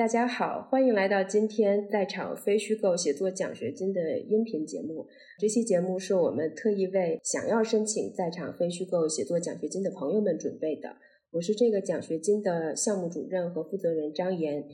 大家好，歡迎來到今天在場非虛構寫作獎學金的音頻節目。這期節目是我們特意為想要申請在場非虛構寫作獎學金的朋友們準備的。我是這個獎學金的項目主任和負責人張妍。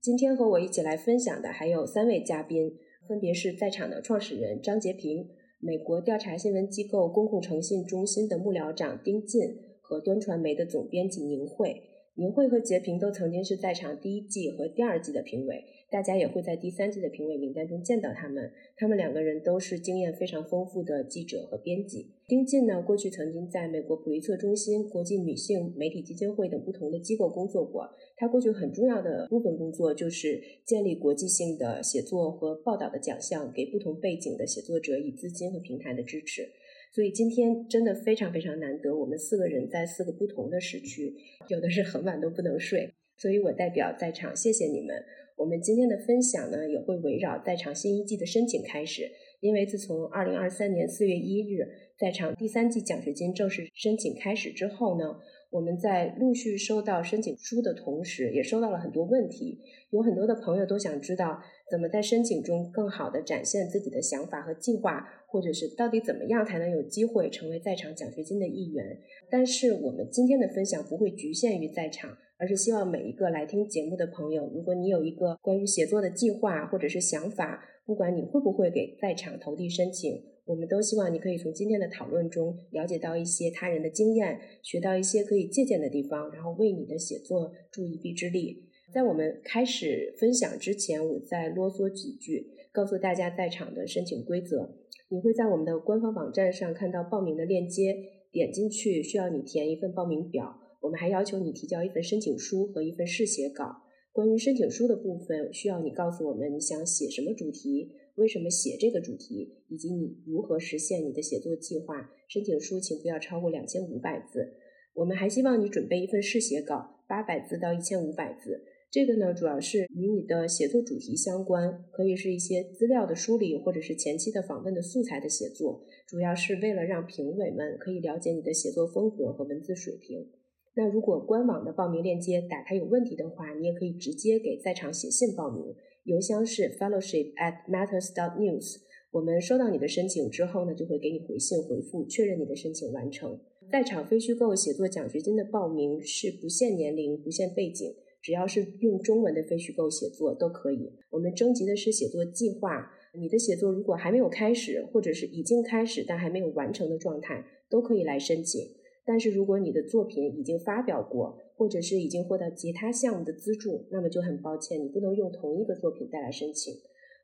今天和我一起來分享的還有三位嘉賓，分別是在場的創始人張潔平、美國調查新聞機構公共誠信中心的幕僚長丁進和端傳媒的總編輯甯卉。甯卉和潔平都曾經是在場第一季和第二季的評委，大家也會在第三季的評委名單中見到他們。他們兩個人都是經驗非常豐富的記者和編輯。丁進呢，過去曾經在美國普利策中心、國際女性媒體基金會等不同的機構工作過。他過去很重要的部分工作就是建立國際性的寫作和報道的獎項，給不同背景的寫作者以資金和平台的支持。所以今天真的非常非常難得，我們四個人在四個不同的時區，有的是很晚都不能睡。所以我代表在場，謝謝你們。我們今天的分享呢，也會圍繞在場新一季的申請開始。因為自從二零二三年四月一日在場第三季獎學金正式申請開始之後呢，我們在陸續收到申請書的同時，也收到了很多問題，有很多的朋友都想知道。怎麼在申請中更好地展現自己的想法和計劃，或者是到底怎麼樣才能有機會成為在場獎學金的一員？但是我們今天的分享不會局限於在場，而是希望每一個來聽節目的朋友，如果你有一個關於寫作的計劃或者是想法，不管你會不會給在場投遞申請，我們都希望你可以從今天的討論中了解到一些他人的經驗，學到一些可以借鑑的地方，然後為你的寫作助一臂之力。在我們開始分享之前，我再囉嗦幾句，告訴大家在場的申請規則。你會在我們的官方網站上看到報名的鏈接，點進去需要你填一份報名表。我們還要求你提交一份申請書和一份試寫稿。關於申請書的部分，需要你告訴我們你想寫什麼主題，為什麼寫這個主題，以及你如何實現你的寫作計劃。申請書請不要超過兩千五百字。我們還希望你準備一份試寫稿，八百字到一千五百字。這個呢，主要是與你的寫作主題相關，可以是一些資料的梳理，或者是前期的訪問的素材的寫作，主要是為了讓評委們可以了解你的寫作風格和文字水平。那如果官網的報名鏈接打開有問題的話，你也可以直接給在場寫信報名，郵箱是 fellowship at matters dot news。我們收到你的申請之後呢，就會給你回信回復，確認你的申請完成。在場非虛構寫作獎學金的報名是不限年齡、不限背景，只要是用中文的非虛構寫作都可以。我們徵集的是寫作計劃，你的寫作如果還沒有開始，或者是已經開始但還沒有完成的狀態，都可以來申請。但是如果你的作品已經發表過，或者是已經獲得其他項目的資助，那麼就很抱歉，你不能用同一個作品再來申請。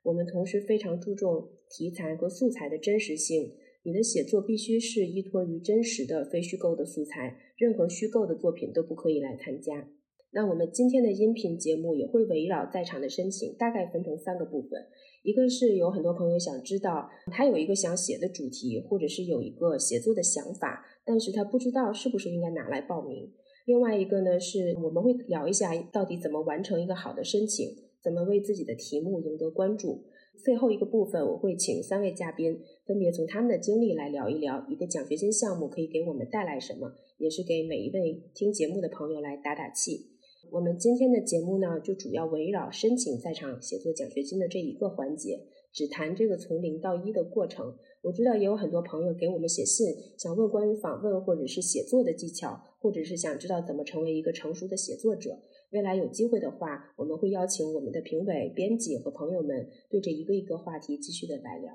我們同時非常注重題材和素材的真實性，你的寫作必須是依託於真實的非虛構的素材，任何虛構的作品都不可以來參加。那我們今天的音頻節目也會圍繞在場的申請，大概分成三個部分。一個是有很多朋友想知道，他有一個想寫的主題，或者是有一個寫作的想法，但是他不知道是不是應該拿來報名。另外一個呢，是我們會聊一下到底怎麼完成一個好的申請，怎麼為自己的題目贏得關注。最後一個部分，我會請三位嘉賓分別從他們的經歷來聊一聊一個獎學金項目可以給我們帶來什麼，也是給每一位聽節目的朋友來打打氣。我們今天的節目呢，就主要圍繞申請在場寫作獎學金的這一個環節，只談這個從零到一的過程。我知道也有很多朋友給我們寫信，想問關於訪問或者是寫作的技巧，或者是想知道怎麼成為一個成熟的寫作者。未來有機會的話，我們會邀請我們的評委、編輯和朋友們對這一個一個話題繼續的來聊。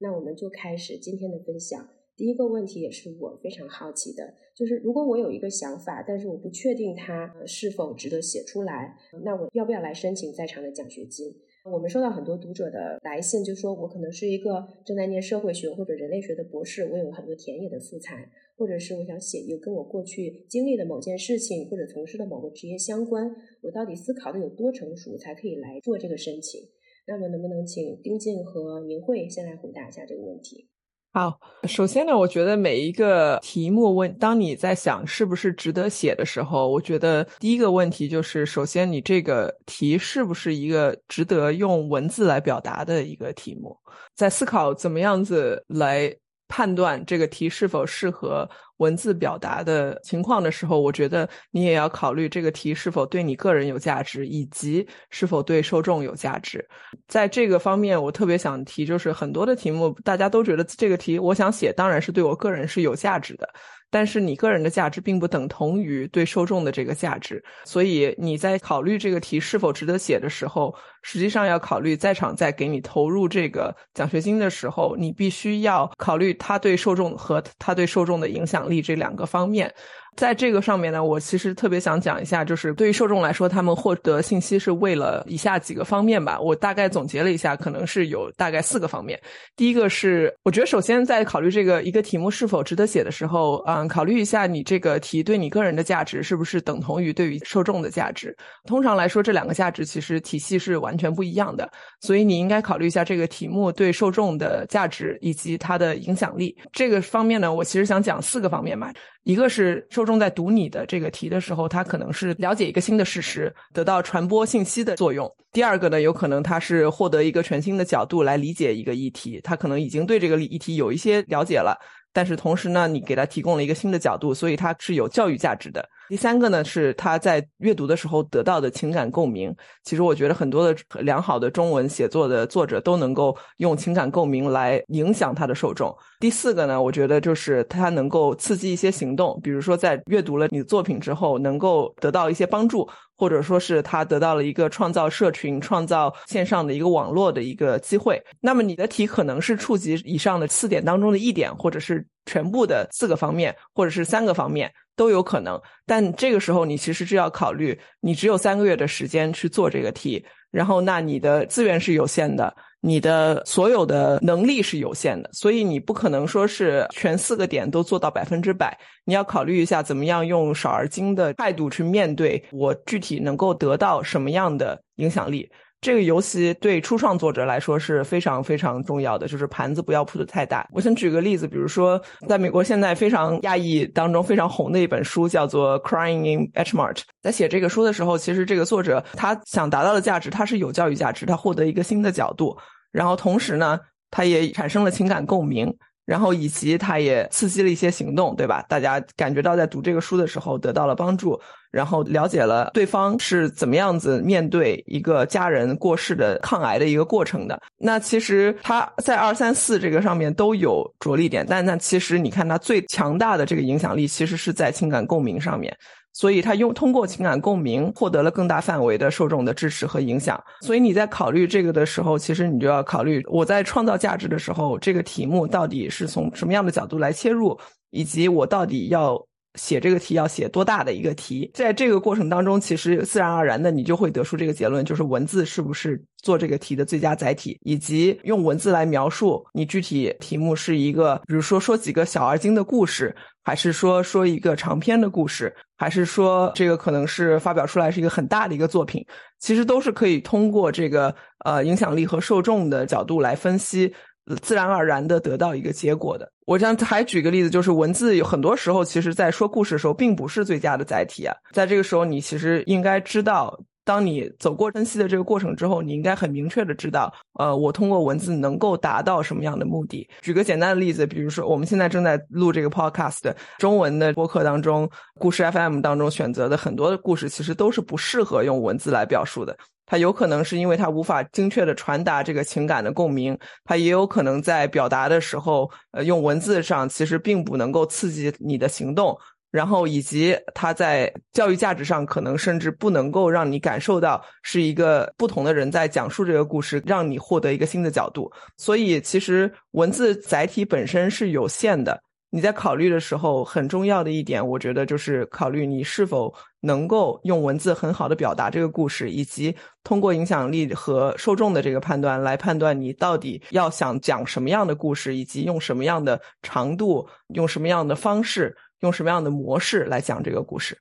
那我們就開始今天的分享。第一個問題也是我非常好奇的，就是如果我有一個想法，但是我不確定它是否值得寫出來，那我要不要來申請在場的獎學金？我們收到很多讀者的來信，就說我可能是一個正在念社會學或者人類學的博士，我有很多田野的素材，或者是我想寫一個跟我過去經歷的某件事情或者從事的某個職業相關，我到底思考的有多成熟才可以來做這個申請？那麼能不能請丁進和甯卉先來回答一下這個問題？好，首先呢，我覺得每一個題目問，當你在想是不是值得寫的時候，我覺得第一個問題就是，首先你這個題是不是一個值得用文字來表達的一個題目，在思考怎麼樣子來判斷這個題是否適合。文字表達的情況的時候，我覺得你也要考慮這個題是否對你個人有價值，以及是否對受眾有價值。在這個方面，我特別想提，就是很多的題目，大家都覺得這個題，我想寫，當然是對我個人是有價值的，但是你個人的價值並不等同於對受眾的這個價值。所以你在考慮這個題是否值得寫的時候，實際上要考慮在場在給你投入這個獎學金的時候，你必須要考慮他對受眾和他對受眾的影響力這兩個方面。在這個上面呢，我其實特別想講一下，就是對於受眾來說，他們獲得信息是為了以下幾個方面吧。我大概總結了一下，可能是有大概四個方面。第一個是，我覺得首先在考慮這個一個題目是否值得寫的時候，嗯，考慮一下你這個題對你個人的價值是不是等同於對於受眾的價值。通常來說，這兩個價值其實體系是完。完全不一樣的，所以你應該考慮一下這個題目對受眾的價值以及它的影響力。這個方面呢，我其實想講四個方面嘛。一個是受眾在讀你的這個題的時候，他可能是了解一個新的事實，得到傳播信息的作用。第二個呢，有可能他是獲得一個全新的角度來理解一個議題，他可能已經對這個議題有一些了解了。但是同時呢，你給他提供了一個新的角度，所以他是有教育價值的。第三個呢，是他在閱讀的時候得到的情感共鳴。其實我覺得很多的良好的中文寫作的作者都能夠用情感共鳴來影響他的受眾。第四個呢，我覺得就是他能夠刺激一些行動，比如說在閱讀了你的作品之後，能夠得到一些幫助。或者說是他得到了一個創造社群、創造線上的一個網絡的一個機會。那麼你的題可能是觸及以上的四點當中的一點，或者是全部的四個方面，或者是三個方面。都有可能，但這個時候你其實是要考慮，你只有三個月的時間去做這個題，然後那你的資源是有限的，你的所有的能力是有限的，所以你不可能說是全四個點都做到百分之百，你要考慮一下怎麼樣用少而精的態度去面對，我具體能夠得到什麼樣的影響力。這個遊戲對初創作者來說是非常非常重要的，就是盤子不要鋪的太大。我先舉個例子，比如說，在美國現在非常亞裔當中非常紅的一本書叫做《Crying in H Mart》。在寫這個書的時候，其實這個作者他想達到的價值，他是有教育價值，他獲得一個新的角度，然後同時呢，他也產生了情感共鳴。然後以及他也刺激了一些行動，對吧？大家感覺到在讀這個書的時候得到了幫助，然後了解了對方是怎麼樣子面對一個家人過世的抗癌的一個過程的。那其實他在二三四這個上面都有着力點，但那其實你看他最強大的這個影響力，其實是在情感共鳴上面。所以他用通過情感共鳴獲得了更大範圍的受眾的支持和影響。所以你在考慮這個的時候，其實你就要考慮，我在創造價值的時候，這個題目到底是從什麼樣的角度來切入，以及我到底要。寫這個題要寫多大的一個題，在這個過程當中，其實自然而然的你就會得出這個結論，就是文字是不是做這個題的最佳載體，以及用文字來描述你具體題目是一個，比如說說幾個小而精的故事，還是說說一個長篇的故事，還是說這個可能是發表出來是一個很大的一個作品，其實都是可以通過這個呃影響力和受眾的角度來分析，自然而然的得到一個結果的。我這樣還舉個例子，就是文字有很多時候，其實在說故事的時候，並不是最佳的載體啊。在這個時候，你其實應該知道。當你走過分析的這個過程之後，你應該很明確的知道，呃，我通過文字能夠達到什麼樣的目的。舉個簡單的例子，比如說我們現在正在錄這個 podcast 中文的播客當中，故事 FM 當中選擇的很多的故事，其實都是不適合用文字來表述的。它有可能是因為它無法精確的傳達這個情感的共鳴，它也有可能在表達的時候，呃，用文字上其實並不能夠刺激你的行動。然後以及他在教育價值上，可能甚至不能夠讓你感受到是一個不同的人在講述這個故事，讓你獲得一個新的角度。所以，其實文字載體本身是有限的。你在考慮的時候，很重要的一點，我覺得就是考慮你是否能夠用文字很好的表達這個故事，以及通過影響力和受眾的這個判斷來判斷你到底要想講什麼樣的故事，以及用什麼樣的長度，用什麼樣的方式。用什麼樣的模式來講這個故事？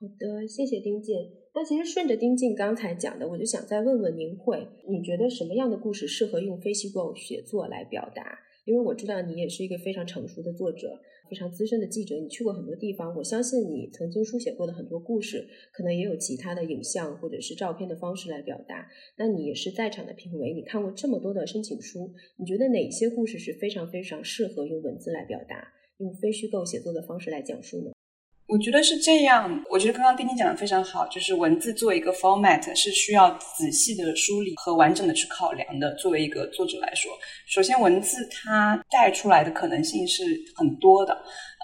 好的，謝謝丁進。那其實順着丁進剛才講的，我就想再問問甯卉，你覺得什麼樣的故事適合用非虛構寫作來表達？因為我知道你也是一個非常成熟的作者，非常資深的記者，你去過很多地方，我相信你曾經書寫過的很多故事，可能也有其他的影像或者是照片的方式來表達。那你也是在場的評委，你看過這麼多的申請書，你覺得哪些故事是非常非常適合用文字來表達？用非虛構寫作的方式來講述呢？我覺得是這樣。我覺得剛剛丁丁講的非常好，就是文字做一個 format 是需要仔細的梳理、和完整的去考量的。作為一個作者來說，首先文字它帶出來的可能性是很多的，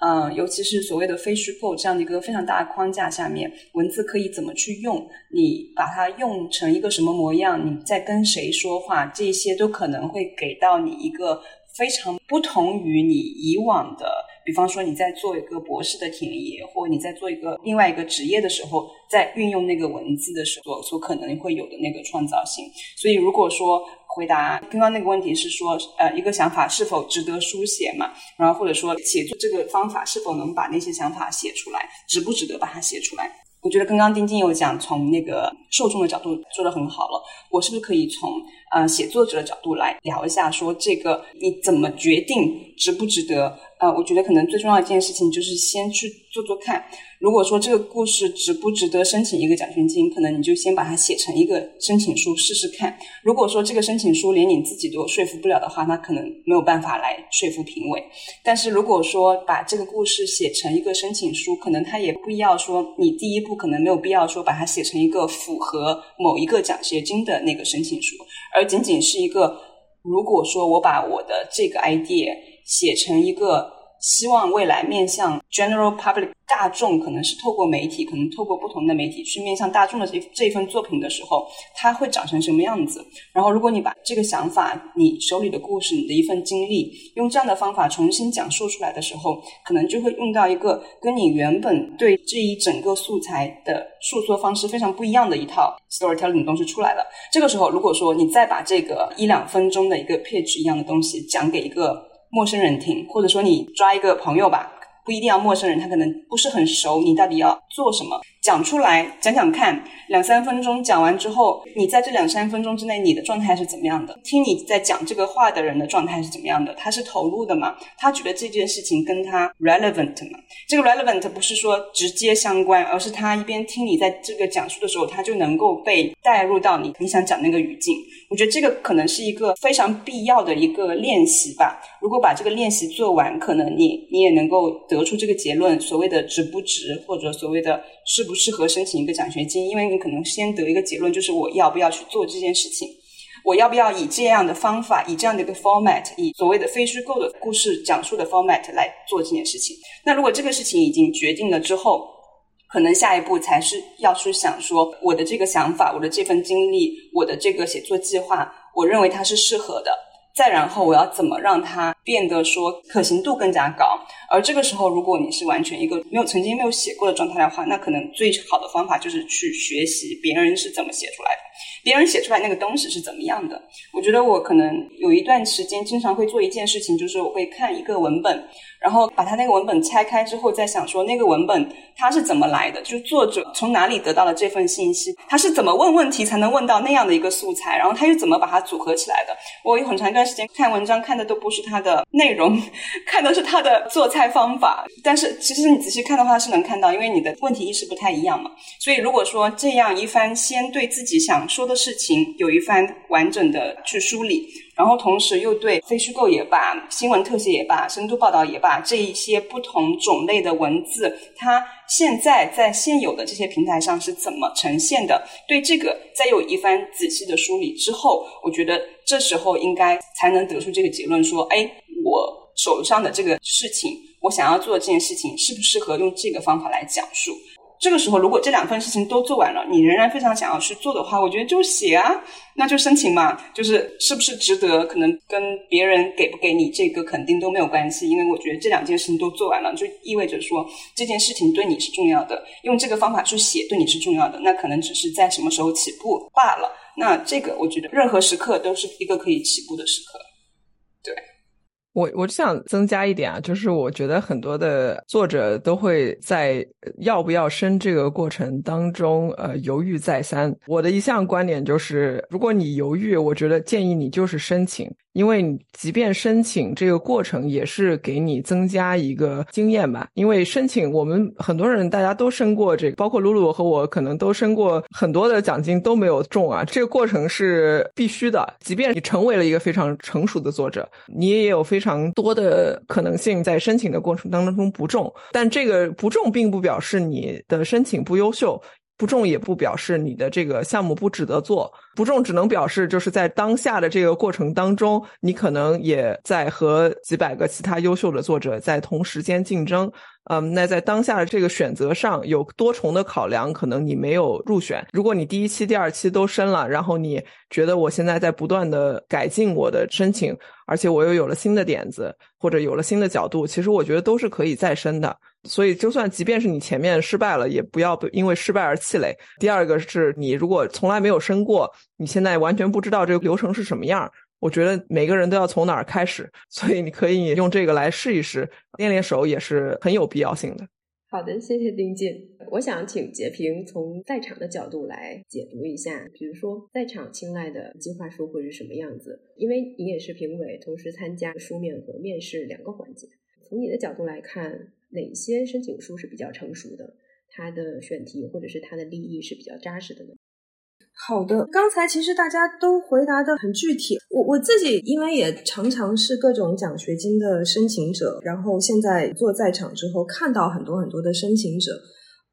嗯、呃，尤其是所謂的非虛構這樣的一個非常大的框架下面，文字可以怎麼去用？你把它用成一個什麼模樣？你在跟誰說話？這些都可能會給到你一個。非常不同於你以往的，比方說你在做一個博士的田野，或你在做一個另外一個職業的時候，在運用那個文字的時候，所可能會有的那個創造性。所以如果說回答剛剛那個問題是說，呃，一個想法是否值得書寫嘛？然後或者說寫作這個方法是否能把那些想法寫出來，值不值得把它寫出來？我覺得剛剛丁進有講從那個受眾的角度做得很好了，我是不是可以從呃寫作者的角度來聊一下，說這個你怎麼決定值不值得？呃，我覺得可能最重要的一件事情就是先去做做看。如果說這個故事值不值得申請一個獎學金，可能你就先把它寫成一個申請書試試看。如果說這個申請書連你自己都說服不了的話，那可能沒有辦法來說服評委。但是如果說把這個故事寫成一個申請書，可能他也不要說，你第一步可能沒有必要說把它寫成一個符合某一個獎學金的那個申請書，而僅僅是一個，如果說我把我的這個 idea 寫成一個。希望未來面向 general public 大眾，可能是透過媒體，可能透過不同的媒體去面向大眾的這這一份作品的時候，它會長成什麼樣子？然後，如果你把這個想法、你手裡的故事、你的一份經歷，用這樣的方法重新講述出來的時候，可能就會用到一個跟你原本對這一整個素材的述說方式非常不一樣的一套 story telling 的東西出來了。這個時候，如果說你再把這個一兩分鐘的一個 pitch 一樣的東西講給一個。陌生人聽，或者說你抓一個朋友吧，不一定要陌生人，他可能不是很熟，你到底要做什麼？講出來，講講看，兩三分鐘講完之後，你在這兩三分鐘之內，你的狀態是怎麼樣的？聽你在講這個話的人的狀態是怎麼樣的？他是投入的嗎？他覺得這件事情跟他 relevant 嗎？這個 relevant 不是說直接相關，而是他一邊聽你在這個講述的時候，他就能夠被帶入到你你想講那個語境。我覺得這個可能是一個非常必要的一個練習吧。如果把這個練習做完，可能你你也能夠得出這個結論：所謂的值不值，或者所謂的。適不適合申請一個獎學金？因為你可能先得一個結論，就是我要不要去做這件事情，我要不要以這樣的方法，以這樣的一個 format，以所謂的非虛構的故事講述的 format 來做這件事情。那如果這個事情已經決定了之後，可能下一步才是要去想說，我的這個想法，我的這份經歷，我的這個寫作計劃，我認為它是適合的。再然後，我要怎麼讓它變得說可行度更加高？而這個時候，如果你是完全一個沒有曾經沒有寫過的狀態的話，那可能最好的方法就是去學習別人是怎麼寫出來的，別人寫出來那個東西是怎麼樣的。我覺得我可能有一段時間經常會做一件事情，就是我會看一個文本。然後把他那個文本拆開之後，再想說那個文本他是怎麼來的？就是作者從哪裡得到了這份信息？他是怎麼問問題才能問到那樣的一個素材？然後他又怎麼把它組合起來的？我有很長一段時間看文章看的都不是他的內容，看的是他的做菜方法。但是其實你仔細看的話是能看到，因為你的問題意識不太一樣嘛。所以如果說這樣一番，先對自己想說的事情有一番完整的去梳理。然後同時又對非虛構也罷，新聞特寫也罷，深度報道也罷，這一些不同種類的文字，它現在在現有的這些平台上是怎麼呈現的？對這個再有一番仔細的梳理之後，我覺得這時候應該才能得出這個結論：說，誒、哎，我手上的這個事情，我想要做這件事情，適不適合用這個方法來講述？這個時候，如果這兩份事情都做完了，你仍然非常想要去做的話，我覺得就寫啊，那就申請嘛，就是是不是值得，可能跟別人給不給你這個肯定都沒有關係，因為我覺得這兩件事情都做完了，就意味着說這件事情對你是重要的，用這個方法去寫對你是重要的，那可能只是在什麼時候起步罷了。那這個我覺得任何時刻都是一個可以起步的時刻，對。我我就想增加一點啊，就是我覺得很多的作者都會在要不要申這個過程當中，呃，猶豫再三。我的一項觀點就是，如果你猶豫，我覺得建議你就是申請。因為即便申請這個過程也是給你增加一個經驗吧。因為申請，我們很多人大家都申過這個，包括露露和我，可能都申過很多的獎金都沒有中啊。這個過程是必須的，即便你成為了一個非常成熟的作者，你也有非常多的可能性在申請的過程當中不中。但這個不中，並不表示你的申請不優秀。不中也不表示你的這個項目不值得做，不中只能表示就是在當下的這個過程當中，你可能也在和幾百個其他優秀的作者在同時間競爭。嗯，那在當下的這個選擇上有多重的考量，可能你沒有入選。如果你第一期、第二期都申了，然後你覺得我現在在不斷的改進我的申請，而且我又有了新的點子或者有了新的角度，其實我覺得都是可以再申的。所以，就算即便是你前面失敗了，也不要因為失敗而氣餒。第二個是，你如果從來沒有申過，你現在完全不知道這個流程是什麼樣，我覺得每個人都要從哪兒開始，所以你可以用這個來試一試，練練手也是很有必要性的。好的，謝謝丁進。我想請潔平從在場的角度來解讀一下，比如說在場青睞的計劃書會是什麼樣子？因為你也是評委，同時參加書面和面試兩個環節，從你的角度來看。哪些申請書是比較成熟的？它的選題或者是它的立意是比較紮實的呢？好的，剛才其實大家都回答得很具體。我我自己因為也常常是各種獎學金的申請者，然後現在做在場之後，看到很多很多的申請者。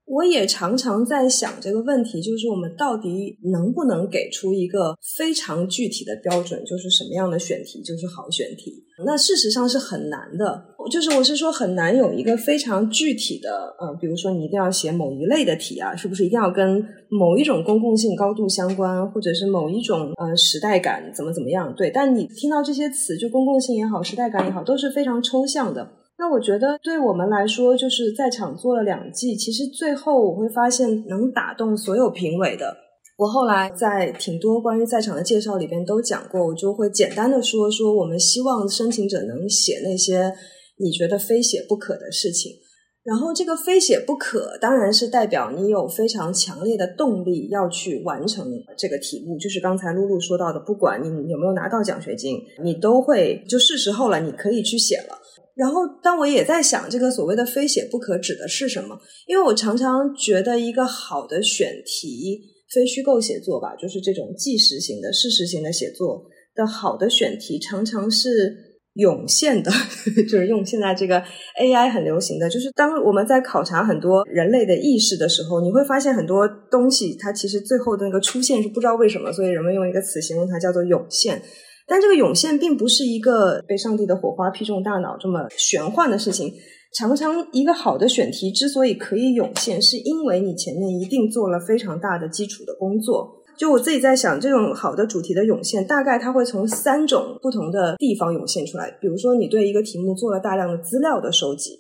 我也常常在想這個問題，就是我們到底能不能給出一個非常具體的標準，就是什麼樣的選題就是好選題？那事實上是很難的，就是我是說很難有一個非常具體的，呃，比如說你一定要寫某一類的題啊，是不是一定要跟某一種公共性高度相關，或者是某一種呃時代感怎麼怎麼樣？對，但你聽到這些詞，就公共性也好，時代感也好，都是非常抽象的。那我覺得，對我們來說，就是在場做了兩季，其實最後我會發現能打動所有評委的。我後來在挺多關於在場的介紹裡邊都講過，我就會簡單的說說，我們希望申請者能寫那些你覺得非寫不可的事情。然後，這個非寫不可，當然是代表你有非常強烈的動力要去完成這個題目。就是剛才露露說到的，不管你有沒有拿到獎學金，你都會就是時候了，你可以去寫了。然後，當我也在想，這個所謂的“非寫不可”指的是什麼？因為我常常覺得，一個好的選題，非虛構寫作吧，就是這種紀實型的、事實型的寫作的好的選題，常常是湧現的。就是用現在這個 AI 很流行的就是，當我們在考察很多人類的意識的時候，你會發現很多東西，它其實最後的那個出現是不知道為什麼，所以人們用一個詞形容它叫做“湧現”。但這個湧現並不是一個被上帝的火花劈中大腦這麼玄幻的事情。常常一個好的選題之所以可以湧現，是因為你前面一定做了非常大的基礎的工作。就我自己在想，這種好的主題的湧現，大概它會從三種不同的地方湧現出來。比如說，你對一個題目做了大量的資料的收集，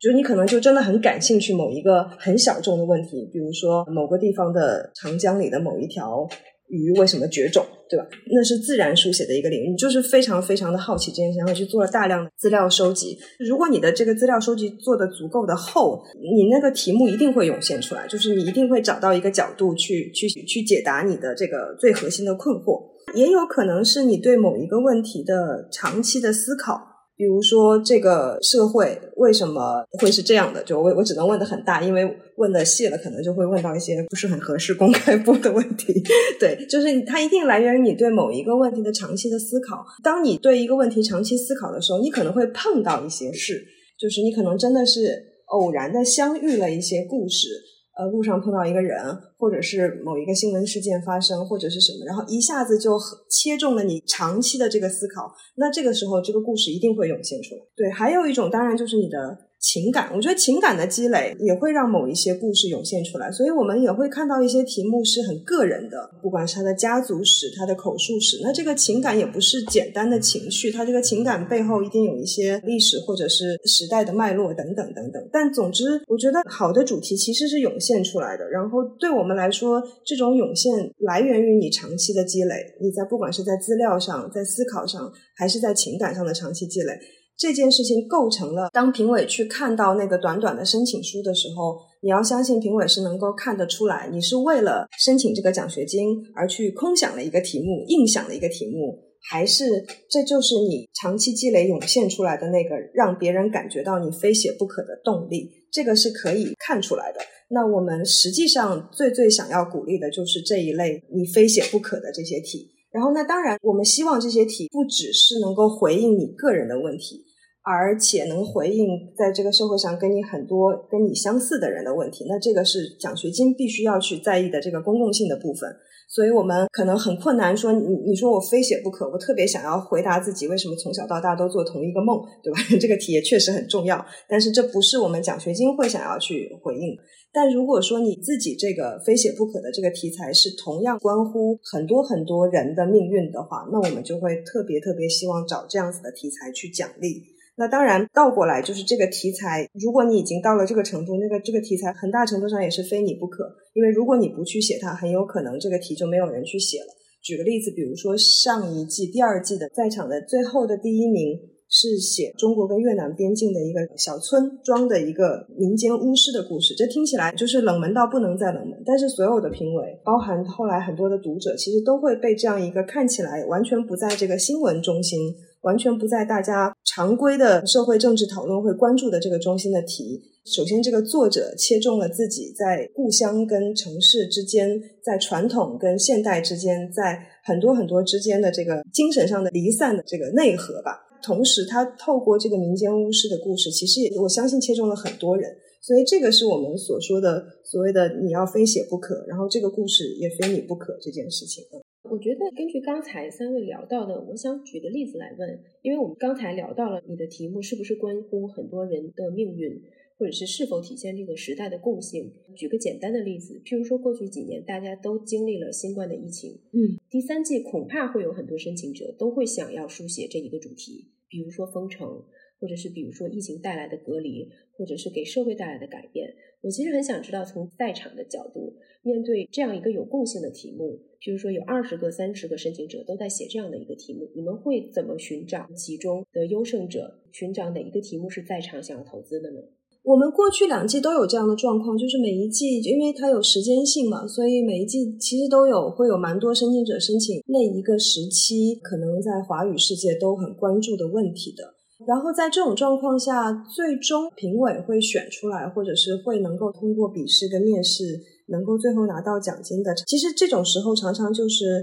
就是你可能就真的很感興趣某一個很小眾的問題，比如說某個地方的長江裡的某一條，魚為什麼絕種，對吧？那是自然書寫的一個領域，就是非常非常的好奇這件事，然後去做了大量的資料收集。如果你的這個資料收集做得足夠的厚，你那個題目一定會湧現出來，就是你一定會找到一個角度去去去解答你的這個最核心的困惑。也有可能是你對某一個問題的長期的思考，比如說，這個社會為什麼會是這樣的？就我我只能問的很大，因為問的細了，可能就會問到一些不是很合適公開播的問題。對，就是它一定來源於你對某一個問題的長期的思考。當你對一個問題長期思考的時候，你可能會碰到一些事，就是你可能真的是偶然的相遇了一些故事。呃，路上碰到一個人，或者是某一個新聞事件發生，或者是什麼，然後一下子就切中了你長期的這個思考，那這個時候這個故事一定會湧現出來。對，還有一種當然就是你的。情感，我覺得情感的積累也會讓某一些故事湧現出來，所以我們也會看到一些題目是很個人的，不管是他的家族史、他的口述史，那這個情感也不是簡單的情緒，它這個情感背後一定有一些歷史或者是時代的脈絡等等等等。但總之，我覺得好的主題其實是湧現出來的，然後對我們來說，這種湧現來源於你長期的積累，你在不管是在資料上、在思考上，還是在情感上的長期積累。這件事情構成了，當評委去看到那個短短的申請書的時候，你要相信評委是能夠看得出來，你是為了申請這個獎學金而去空想了一個題目、硬想了一個題目，還是這就是你長期積累湧現出來的那個讓別人感覺到你非寫不可的動力，這個是可以看出來的。那我們實際上最最想要鼓勵的就是這一類你非寫不可的這些題。然後，那當然我們希望這些題不只是能夠回應你個人的問題。而且能回應在這個社會上跟你很多跟你相似的人的問題，那這個是獎學金必須要去在意的這個公共性的部分。所以我們可能很困難說，說你你說我非寫不可，我特別想要回答自己為什麼從小到大都做同一個夢，對吧？這個題也確實很重要，但是這不是我們獎學金會想要去回應。但如果說你自己這個非寫不可的這個題材是同樣關乎很多很多人的命運的話，那我們就會特別特別希望找這樣子的題材去獎勵。那當然，倒過來就是這個題材。如果你已經到了這個程度，那個這個題材很大程度上也是非你不可。因為如果你不去寫它，很有可能這個題就沒有人去寫了。舉個例子，比如說上一季、第二季的在場的最後的第一名是寫中國跟越南邊境的一個小村莊的一個民間巫師的故事，這聽起來就是冷門到不能再冷門。但是所有的評委，包含後來很多的讀者，其實都會被這樣一個看起來完全不在這個新聞中心。完全不在大家常規的社會政治討論會關注的這個中心的題。首先，這個作者切中了自己在故鄉跟城市之間，在傳統跟現代之間，在很多很多之間的這個精神上的離散的這個內核吧。同時，他透過這個民間巫師的故事，其實也我相信切中了很多人。所以，這個是我們所說的所謂的你要非寫不可，然後這個故事也非你不可這件事情。我覺得根據剛才三位聊到的，我想舉個例子來問，因為我們剛才聊到了你的題目是不是關乎很多人的命運，或者是是否體現這個時代的共性？舉個簡單的例子，譬如說過去幾年大家都經歷了新冠的疫情，嗯，第三季恐怕會有很多申請者都會想要書寫這一個主題，比如說封城，或者是比如說疫情帶來的隔離，或者是給社會帶來的改變。我其實很想知道，從在場的角度，面對這樣一個有共性的題目，就是說，有二十個、三十個申請者都在寫這樣的一個題目，你們會怎麼尋找其中的優勝者？尋找哪一個題目是在場想要投資的呢？我們過去兩季都有這樣的狀況，就是每一季，因為它有時間性嘛，所以每一季其實都有會有蠻多申請者申請那一個時期可能在華語世界都很關注的問題的。然後在這種狀況下，最終評委會選出來，或者是會能夠通過筆試跟面試能夠最後拿到獎金的，其實這種時候常常就是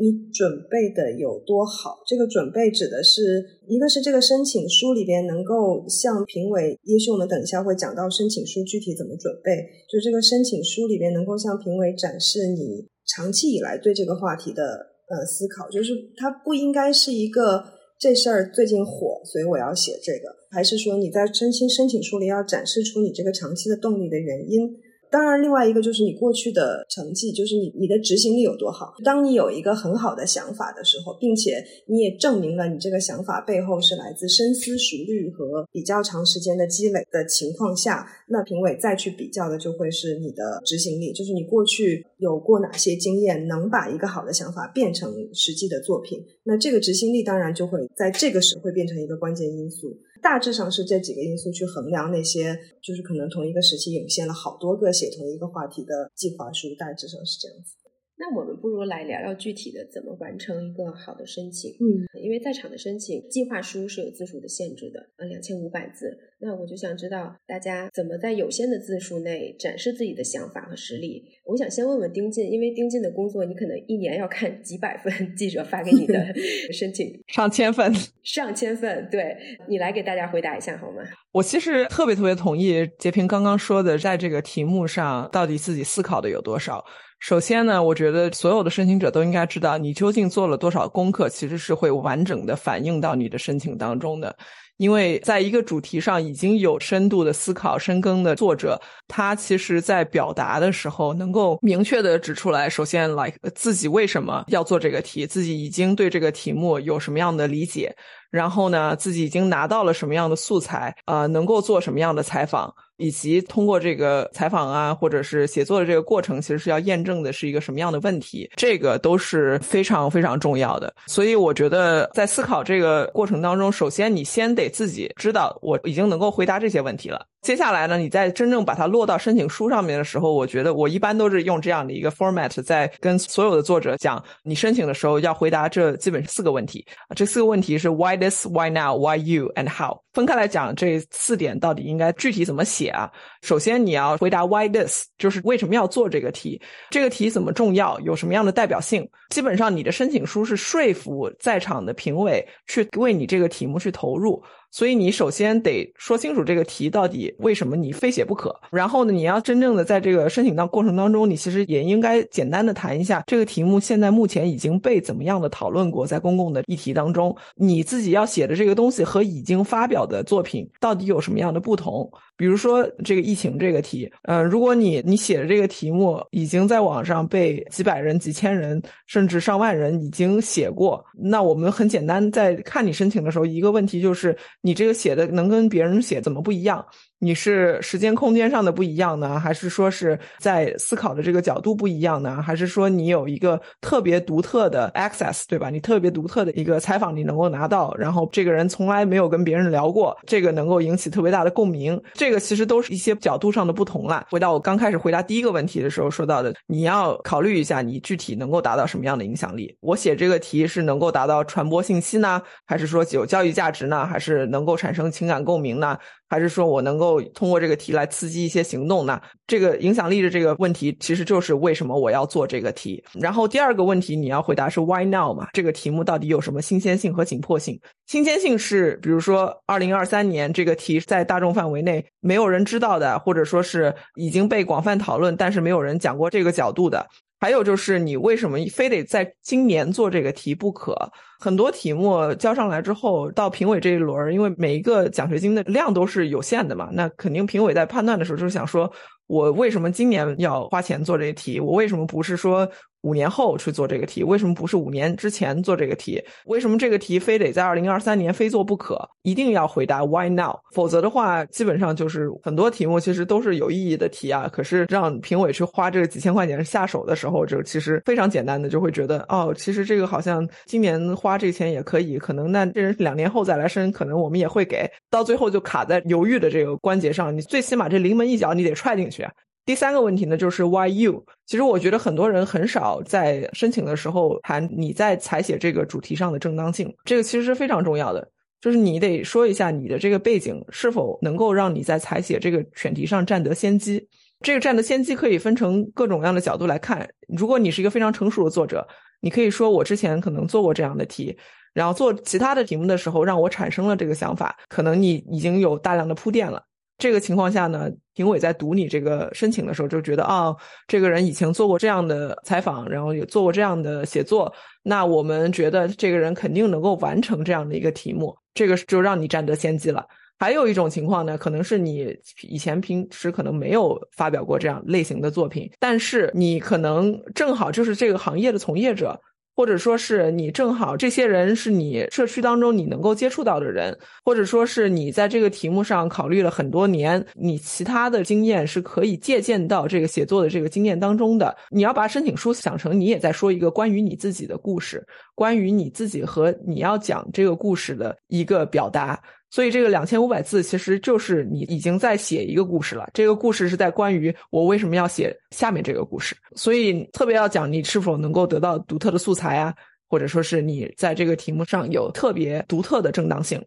你準備的有多好。這個準備指的是，一個是這個申請書裡邊能夠向評委，也許我們等一下會講到申請書具體怎麼準備，就這個申請書裡邊能夠向評委展示你長期以來對這個話題的呃思考，就是它不應該是一個這事兒最近火，所以我要寫這個，還是說你在申請申請書裡要展示出你這個長期的動力的原因。當然，另外一個就是你過去的成績，就是你你的執行力有多好。當你有一個很好的想法的時候，並且你也證明了你這個想法背後是來自深思熟慮和比較長時間的積累的情況下，那評委再去比較的就會是你的執行力，就是你過去有過哪些經驗能把一個好的想法變成實際的作品。那這個執行力當然就會在這個時會變成一個關鍵因素。大致上是這幾個因素去衡量那些，就是可能同一個時期湧現了好多個寫同一個話題的計劃書，大致上是這樣子。那我們不如來聊聊具體的怎麼完成一個好的申請，嗯，因為在場的申請計劃書是有字數的限制的，嗯、呃，兩千五百字。那我就想知道大家怎麼在有限的字數內展示自己的想法和實力。我想先問問丁進，因為丁進的工作，你可能一年要看幾百份記者發給你的申請， 上千份分， 上千份。對，你來給大家回答一下好嗎？我其實特別特別同意潔平剛剛說的，在這個題目上，到底自己思考的有多少？首先呢，我覺得所有的申請者都應該知道，你究竟做了多少功課，其實是會完整的反映到你的申請當中的。因為在一個主題上已經有深度的思考、深耕的作者，他其實在表達的時候，能夠明確地指出來。首先，like 自己為什麼要做這個題，自己已經對這個題目有什麼樣的理解。然後呢，自己已經拿到了什麼樣的素材啊，呃，能夠做什麼樣的採訪，以及通過這個採訪啊，或者是寫作的這個過程，其實是要驗證的是一個什麼樣的問題，這個都是非常非常重要的。所以我覺得，在思考這個過程當中，首先你先得自己知道，我已經能夠回答這些問題了。接下來呢，你在真正把它落到申請書上面的時候，我覺得我一般都是用這樣的一個 format，在跟所有的作者講，你申請的時候要回答這基本是四個問題啊。這四個問題是 why this, why now, why you, and how。分開來講，這四點到底應該具體怎麼寫啊？首先你要回答 why this，就是為什麼要做這個題，這個題怎麼重要，有什麼樣的代表性。基本上你的申請書是說服在場的評委去為你這個題目去投入。所以你首先得說清楚這個題到底為什麼你非寫不可。然後呢，你要真正的在這個申請的過程當中，你其實也應該簡單的談一下這個題目現在目前已經被怎麼樣的討論過，在公共的議題當中，你自己要寫的這個東西和已經發表的作品到底有什麼樣的不同？比如說這個疫情這個題，嗯，如果你你寫的這個題目已經在網上被幾百人、幾千人甚至上萬人已經寫過，那我們很簡單在看你申請的時候，一個問題就是。你這個寫的能跟別人寫怎麼不一樣？你是時間空間上的不一樣呢？還是說是在思考的這個角度不一樣呢？還是說你有一個特別獨特的 access，對吧？你特別獨特的一個採訪，你能夠拿到，然後這個人從來沒有跟別人聊過，這個能夠引起特別大的共鳴。這個其實都是一些角度上的不同啦。回到我剛開始回答第一個問題的時候說到的，你要考慮一下你具體能夠達到什麼樣的影響力。我寫這個題是能夠達到傳播信息呢，還是說有教育價值呢，還是能夠產生情感共鳴呢？還是說我能夠通過這個題來刺激一些行動呢？這個影響力的這個問題其實就是為什麼我要做這個題。然後第二個問題你要回答是 why now 嘛，這個題目到底有什麼新鮮性和緊迫性？新鮮性是比如說2023年這個題在大眾範圍內沒有人知道的，或者說是已經被廣泛討論，但是沒有人講過這個角度的。還有就是，你為什麼非得在今年做這個題不可？很多題目交上來之後，到評委這一輪兒，因為每一個獎學金的量都是有限的嘛，那肯定評委在判斷的時候就是想說，我為什麼今年要花錢做這個題？我為什麼不是說，五年後去做這個題，為什麼不是五年之前做這個題？為什麼這個題非得在二零二三年非做不可？一定要回答 why now？否則的話，基本上就是很多題目其實都是有意義的題啊。可是讓評委去花這個幾千塊錢下手的時候，就其實非常簡單的就會覺得，哦，其實這個好像今年花這錢也可以，可能那這人兩年後再來申，可能我們也會給。到最後就卡在猶豫的這個關節上，你最起碼這臨門一腳你得踹進去。第三個問題呢，就是 why you。其實我覺得很多人很少在申請的時候談你在採寫這個主題上的正當性，這個其實是非常重要的。就是你得說一下你的這個背景是否能夠讓你在採寫這個選題上占得先機。這個占得先機可以分成各種各樣的角度來看。如果你是一個非常成熟的作者，你可以說，我之前可能做過這樣的題，然後做其他的題目的時候讓我產生了這個想法，可能你已經有大量的鋪墊了。這個情況下呢，評委在讀你這個申請的時候就覺得，啊、哦，這個人以前做過這樣的採訪，然後也做過這樣的寫作，那我們覺得這個人肯定能夠完成這樣的一個題目，這個就讓你占得先機了。還有一種情況呢，可能是你以前平時可能沒有發表過這樣類型的作品，但是你可能正好就是這個行業的從業者。或者說是你正好這些人是你社區當中你能夠接觸到的人，或者說是你在這個題目上考慮了很多年，你其他的經驗是可以借鑑到這個寫作的這個經驗當中的。你要把申請書想成，你也在說一個關於你自己的故事，關於你自己和你要講這個故事的一個表達。所以這個兩千五百字其實就是你已經在寫一個故事了，這個故事是在關於我為什麼要寫下面這個故事，所以特別要講你是否能夠得到獨特的素材啊，或者說是你在這個題目上有特別獨特的正當性。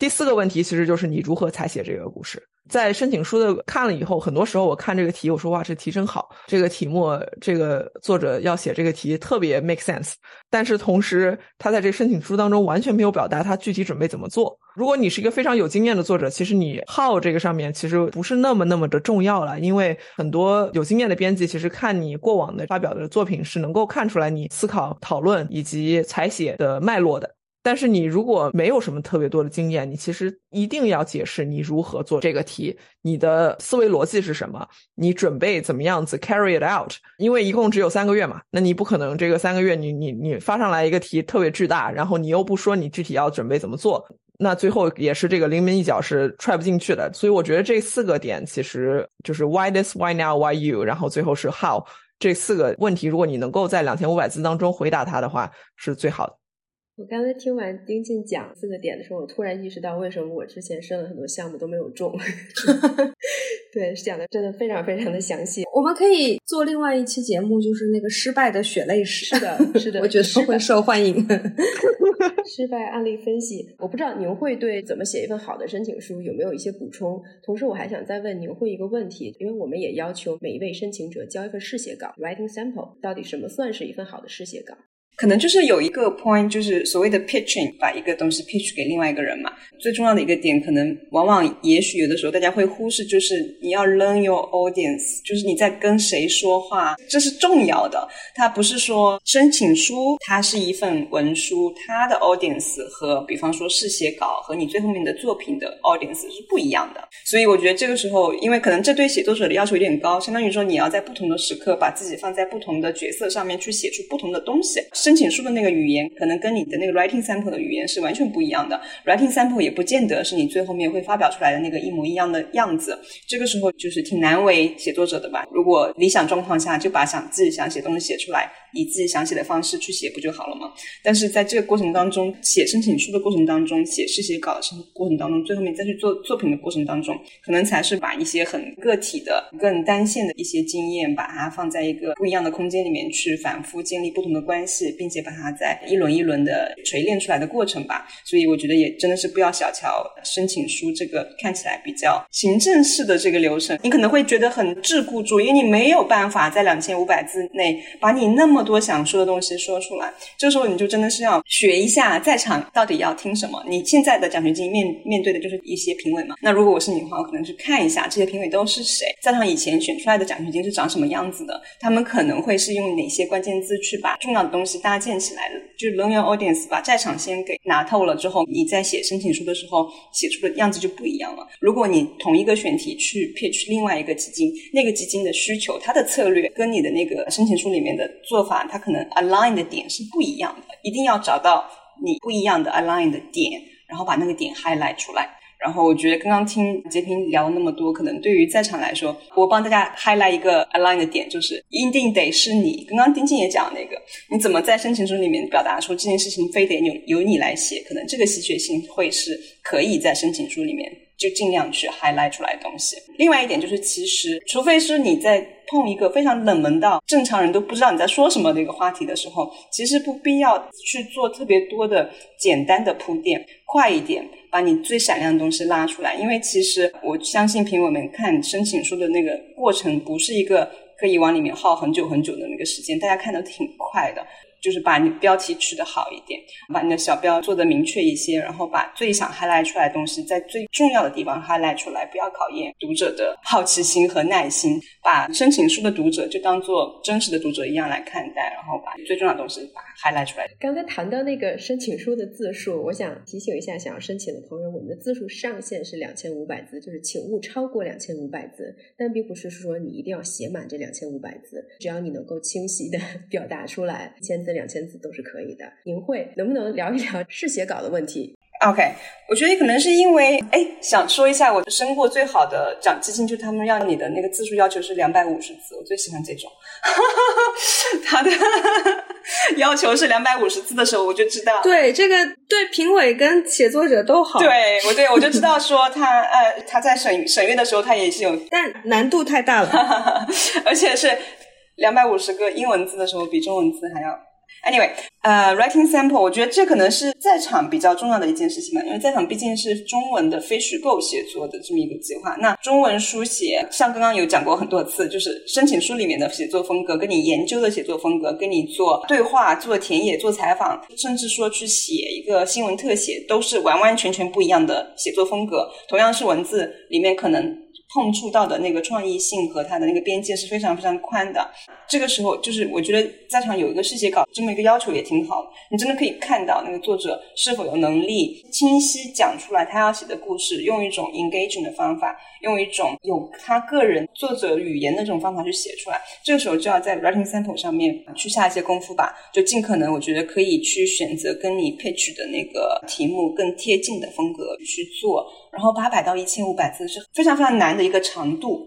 第四個問題其實就是你如何採寫這個故事。在申請書的看了以後，很多時候我看這個題，我說哇，這題真好，這個題目，這個作者要寫這個題特別 make sense。但是同時，他在這個申請書當中完全沒有表達他具體準備怎麼做。如果你是一個非常有經驗的作者，其實你 how 這個上面其實不是那麼那麼的重要了，因為很多有經驗的編輯其實看你過往的發表的作品是能夠看出來你思考、討論以及採寫的脈絡的。但是你如果沒有什麼特別多的經驗，你其實一定要解釋你如何做這個題，你的思維邏輯是什麼，你準備怎麼樣子 carry it out？因為一共只有三個月嘛，那你不可能這個三個月你你你發上來一個題特別巨大，然後你又不說你具體要準備怎麼做，那最後也是這個臨門一腳是踹不進去的。所以我覺得這四個點其實就是 why this，why now，why you，然後最後是 how 這四個問題，如果你能夠在兩千五百字當中回答它的話，是最好的。我剛才聽完丁進講四個點的時候，我突然意識到為什麼我之前申了很多項目都沒有中。 對，講的真的非常非常的詳細。 我們可以做另外一期節目，就是那個失敗的血淚史。是的，是的， 我覺得是會受歡迎的。 失敗案例分析，我不知道甯卉對怎麼寫一份好的申請書有沒有一些補充？同時，我還想再問甯卉一個問題，因為我們也要求每一位申請者交一份試寫稿 （writing sample）。到底什麼算是一份好的試寫稿？可能就是有一個 point，就是所謂的 pitching，把一個東西 pitch 給另外一個人嘛。最重要的一個點，可能往往也許有的時候大家會忽視，就是你要 learn your audience，就是你在跟誰說話，這是重要的。它不是說申請書，它是一份文書，它的 audience 和比方說試寫稿和你最後面的作品的 audience 是不一樣的。所以我覺得這個時候，因為可能這對寫作者的要求有點高，相當於說你要在不同的時刻把自己放在不同的角色上面去寫出不同的東西。申請書的那個語言可能跟你的那個 writing sample 的語言是完全不一樣的，writing sample 也不見得是你最後面會發表出來的那個一模一樣的樣子。這個時候就是挺難為寫作者的吧？如果理想狀況下，就把想自己想寫東西寫出來，以自己想寫的方式去寫不就好了嗎？但是在這個過程當中，寫申請書的過程當中，寫試寫稿的過程當中，最後面再去做作品的過程當中，可能才是把一些很個體的、更單線的一些經驗，把它放在一個不一樣的空間裡面去反覆建立不同的關係。並且把它在一輪一輪的錘煉出來的過程吧，所以我覺得也真的是不要小瞧申請書這個看起來比較行政式的這個流程，你可能會覺得很桎梏住，因為你沒有辦法在兩千五百字內把你那麼多想說的東西說出來。這時候你就真的是要學一下在場到底要聽什麼。你現在的獎學金面面對的就是一些評委嘛？那如果我是你的話，我可能去看一下這些評委都是誰，在場以前選出來的獎學金是長什麼樣子的，他們可能會是用哪些關鍵字去把重要的東西搭建起來了，就 learn your audience，把在場先給拿透了之後，你在寫申請書的時候，寫出的樣子就不一樣了。如果你同一個選題去 pitch 另外一個基金，那個基金的需求、它的策略跟你的那個申請書裡面的做法，它可能 align 的點是不一樣的。一定要找到你不一樣的 align 的點，然後把那個點 highlight 出來。然後我覺得剛剛聽潔平聊了那麼多，可能對於在場來說，我幫大家 highlight 一個 align 的點，就是一定得是你。剛剛丁進也講那個，你怎麼在申請書裡面表達出這件事情非得有由你來寫？可能這個稀缺性會是可以在申請書裡面。就儘量去 highlight 出來東西。另外一點就是，其實除非是你在碰一個非常冷門到正常人都不知道你在說什麼的一個話題的時候，其實不必要去做特別多的簡單的鋪墊，快一點把你最閃亮的東西拉出來。因為其實我相信評委們看申請書的那個過程，不是一個可以往裡面耗很久很久的那個時間，大家看的挺快的。就是把你標題取得好一點，把你的小標做的明確一些，然後把最想 highlight 出來的東西在最重要的地方 highlight 出來，不要考驗讀者的好奇心和耐心。把申請書的讀者就當做真實的讀者一樣來看待，然後把最重要的東西把它 highlight 出來。剛才談到那個申請書的字數，我想提醒一下想要申請的朋友，我們的字數上限是兩千五百字，就是請勿超過兩千五百字。但並不是說你一定要寫滿這兩千五百字，只要你能夠清晰的表達出來，一千字、兩千字都是可以的。甯卉，能不能聊一聊試寫稿的問題？OK，我覺得可能是因為，哎，想說一下我申過最好的獎，基金就是、他們要你的那個字數要求是兩百五十字，我最喜歡這種。哈哈哈，他的要求是兩百五十字的時候，我就知道。對，這個對評委跟寫作者都好。對，我對我就知道說他，呃， 他在審審閱的時候，他也是有，但難度太大了，哈哈哈，而且是兩百五十個英文字的時候，比中文字還要。Anyway，呃，uh，writing sample，我覺得這可能是在場比較重要的一件事情吧，因為在場畢竟是中文的非虛構寫作的這麼一個計劃。那中文書寫，像剛剛有講過很多次，就是申請書裡面的寫作風格，跟你研究的寫作風格，跟你做對話、做田野、做採訪，甚至說去寫一個新聞特寫，都是完完全全不一樣的寫作風格。同樣是文字裡面可能。碰觸到的那個創意性和它的那個邊界是非常非常寬的。這個時候，就是我覺得在場有一個試寫稿這麼一個要求也挺好的。你真的可以看到那個作者是否有能力清晰講出來他要寫的故事，用一種 engaging 的方法，用一種有他個人作者語言的這種方法去寫出來。這個時候就要在 writing sample 上面去下一些功夫吧，就盡可能我覺得可以去選擇跟你 pitch 的那個題目更貼近的風格去做。然後八百到一千五百字是非常非常難的。一個長度，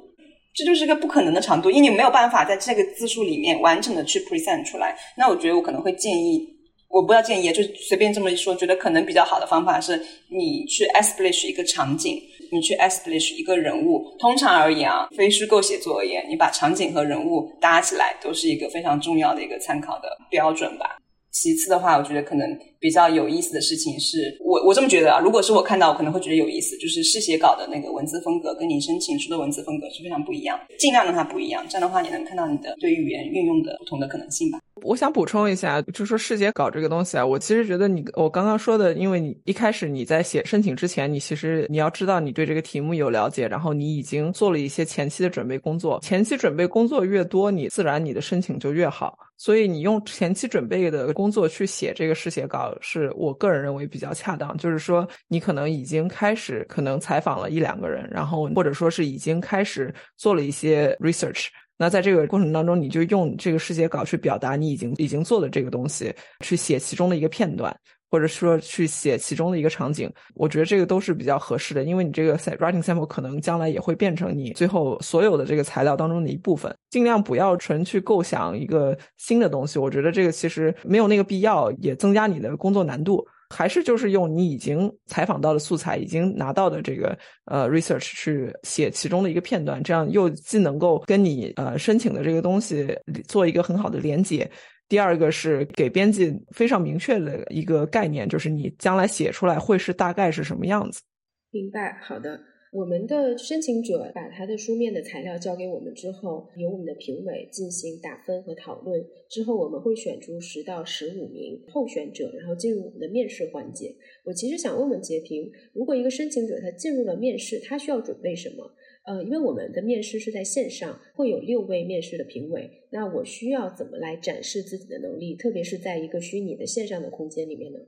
這就是一個不可能的長度，因為你沒有辦法在這個字數裡面完整的去 present 出來。那我覺得我可能會建議，我不要建議，就隨便這麼一說，覺得可能比較好的方法是，你去 establish 一個場景，你去 establish 一個人物。通常而言啊，非虛構寫作而言，你把場景和人物搭起來，都是一個非常重要的一個參考的標準吧。其次的話，我覺得可能比較有意思的事情是，我我這麼覺得啊。如果是我看到，我可能會覺得有意思，就是試寫稿的那個文字風格跟你申請書的文字風格是非常不一樣，盡量讓它不一樣，這樣的話你能看到你的對語言運用的不同的可能性吧。我想補充一下，就是說試寫稿這個東西啊，我其實覺得你我剛剛說的，因為你一開始你在寫申請之前，你其實你要知道你對這個題目有了解，然後你已經做了一些前期的準備工作，前期準備工作越多，你自然你的申請就越好。所以你用前期準備的工作去寫這個試寫稿，是我個人認為比較恰當。就是說，你可能已經開始可能採訪了一兩個人，然後或者說是已經開始做了一些 research。那在這個過程當中，你就用這個試寫稿去表達你已經已經做的這個東西，去寫其中的一個片段，或者說去寫其中的一個場景，我覺得這個都是比較合適的，因為你這個 writing sample 可能將來也會變成你最後所有的這個材料當中的一部分。儘量不要純去構想一個新的東西，我覺得這個其實沒有那個必要，也增加你的工作難度。還是就是用你已經採訪到的素材、已經拿到的這個呃 research 去寫其中的一個片段，這樣又既能夠跟你呃申請的這個東西做一個很好的連接。第二個是給編輯非常明確的一個概念，就是你將來寫出來會是大概是什麼樣子。明白，好的。我們的申請者把他的書面的材料交給我們之後，由我們的評委進行打分和討論，之後我們會選出十到十五名候選者，然後進入我們的面試環節。我其實想問問潔平，如果一個申請者他進入了面試，他需要準備什麼？呃，因為我們的面試是在線上，會有六位面試的評委。那我需要怎麼來展示自己的能力，特別是在一個虛擬的線上的空間裡面呢？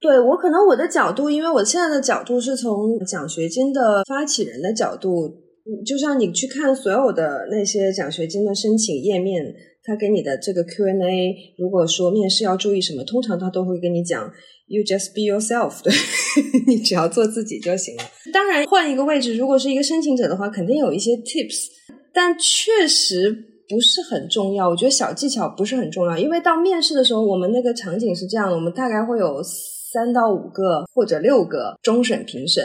對，我可能我的角度，因為我現在的角度是從獎學金的發起人的角度。就像你去看所有的那些獎學金的申請頁面，他給你的這個 Q&A，如果說面試要注意什麼，通常他都會跟你講：You just be yourself。對。 你只要做自己就行了。當然，換一個位置，如果是一個申請者的話，肯定有一些 tips，但確實不是很重要。我覺得小技巧不是很重要，因為到面試的時候，我們那個場景是這樣的：我們大概會有三到五個或者六個終審評審，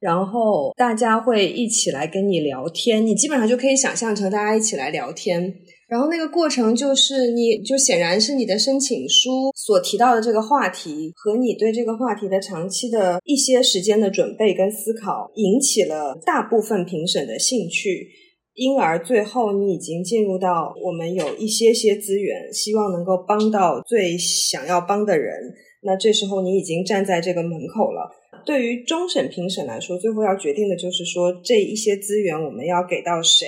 然後大家會一起來跟你聊天，你基本上就可以想象成大家一起來聊天。然後那個過程就是，你就顯然是你的申請書所提到的這個話題，和你對這個話題的長期的一些時間的準備跟思考，引起了大部分評審的興趣，因而最後你已經進入到我們有一些些資源，希望能夠幫到最想要幫的人。那這時候你已經站在這個門口了。對於終審評審來說，最後要決定的就是說，這一些資源我們要給到誰。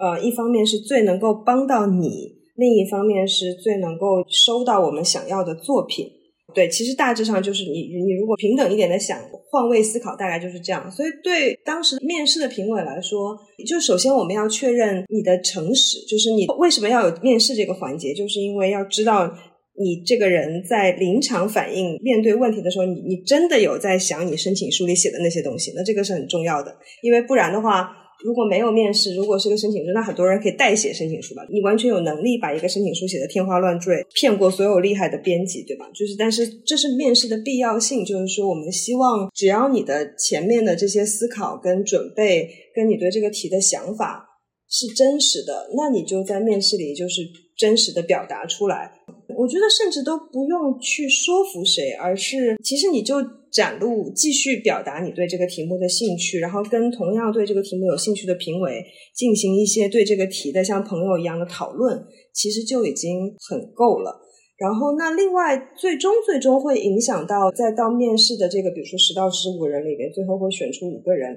呃，一方面是最能夠幫到你，另一方面是最能夠收到我們想要的作品。對，其實大致上就是你你如果平等一點的想換位思考，大概就是這樣。所以對當時面試的評委來說，就首先我們要確認你的誠實，就是你為什麼要有面試這個環節，就是因為要知道你這個人在臨場反應面對問題的時候，你你真的有在想你申請書裡寫的那些東西，那這個是很重要的，因為不然的話。如果沒有面試，如果是個申請書，那很多人可以代寫申請書吧？你完全有能力把一個申請書寫得天花亂墜，騙過所有厲害的編輯，對吧？就是，但是這是面試的必要性，就是說，我們希望只要你的前面的這些思考跟準備，跟你對這個題的想法是真實的，那你就在面試裡就是真實的表達出來。我覺得甚至都不用去說服誰，而是其實你就展露、繼續表達你對這個題目的興趣，然後跟同樣對這個題目有興趣的評委進行一些對這個題的像朋友一樣的討論，其實就已經很夠了。然後那另外，最終最終會影響到再到面試的這個，比如說十到十五人裡面，最後會選出五個人，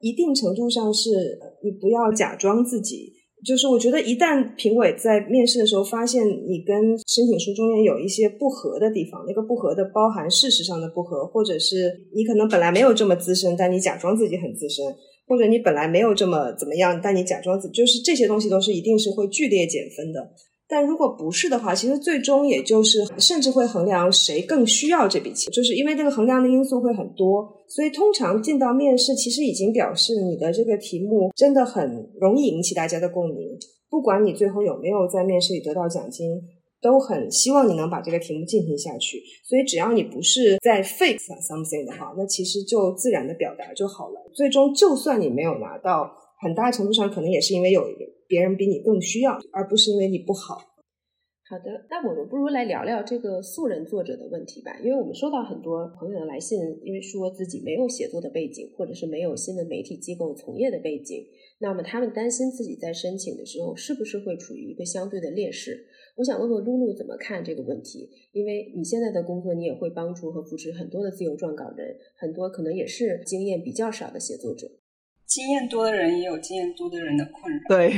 一定程度上是你不要假裝自己。就是我覺得，一旦評委在面試的時候發現你跟申請書中間有一些不合的地方，那個不合的包含事實上的不合，或者是你可能本來沒有這麼資深，但你假裝自己很資深，或者你本來沒有這麼怎麼樣，但你假裝自，就是這些東西都是一定是會劇烈減分的。但如果不是的話，其實最終也就是甚至會衡量誰更需要這筆錢，就是因為這個衡量的因素會很多，所以通常進到面試，其實已經表示你的這個題目真的很容易引起大家的共鳴。不管你最後有沒有在面試裡得到獎金，都很希望你能把這個題目進行下去。所以只要你不是在 fake something 的話，那其實就自然的表達就好了。最終，就算你沒有拿到，很大程度上可能也是因為有一個。別人比你更需要，而不是因為你不好。好的，那我們不如來聊聊這個素人作者的問題吧。因為我們收到很多朋友的來信，因為說自己沒有寫作的背景，或者是沒有新聞媒體機構從業的背景，那麼他們擔心自己在申請的時候是不是會處於一個相對的劣勢。我想問問露露怎麼看這個問題？因為你現在的工作，你也會幫助和扶持很多的自由撰稿人，很多可能也是經驗比較少的寫作者。經驗多的人也有經驗多的人的困擾。對，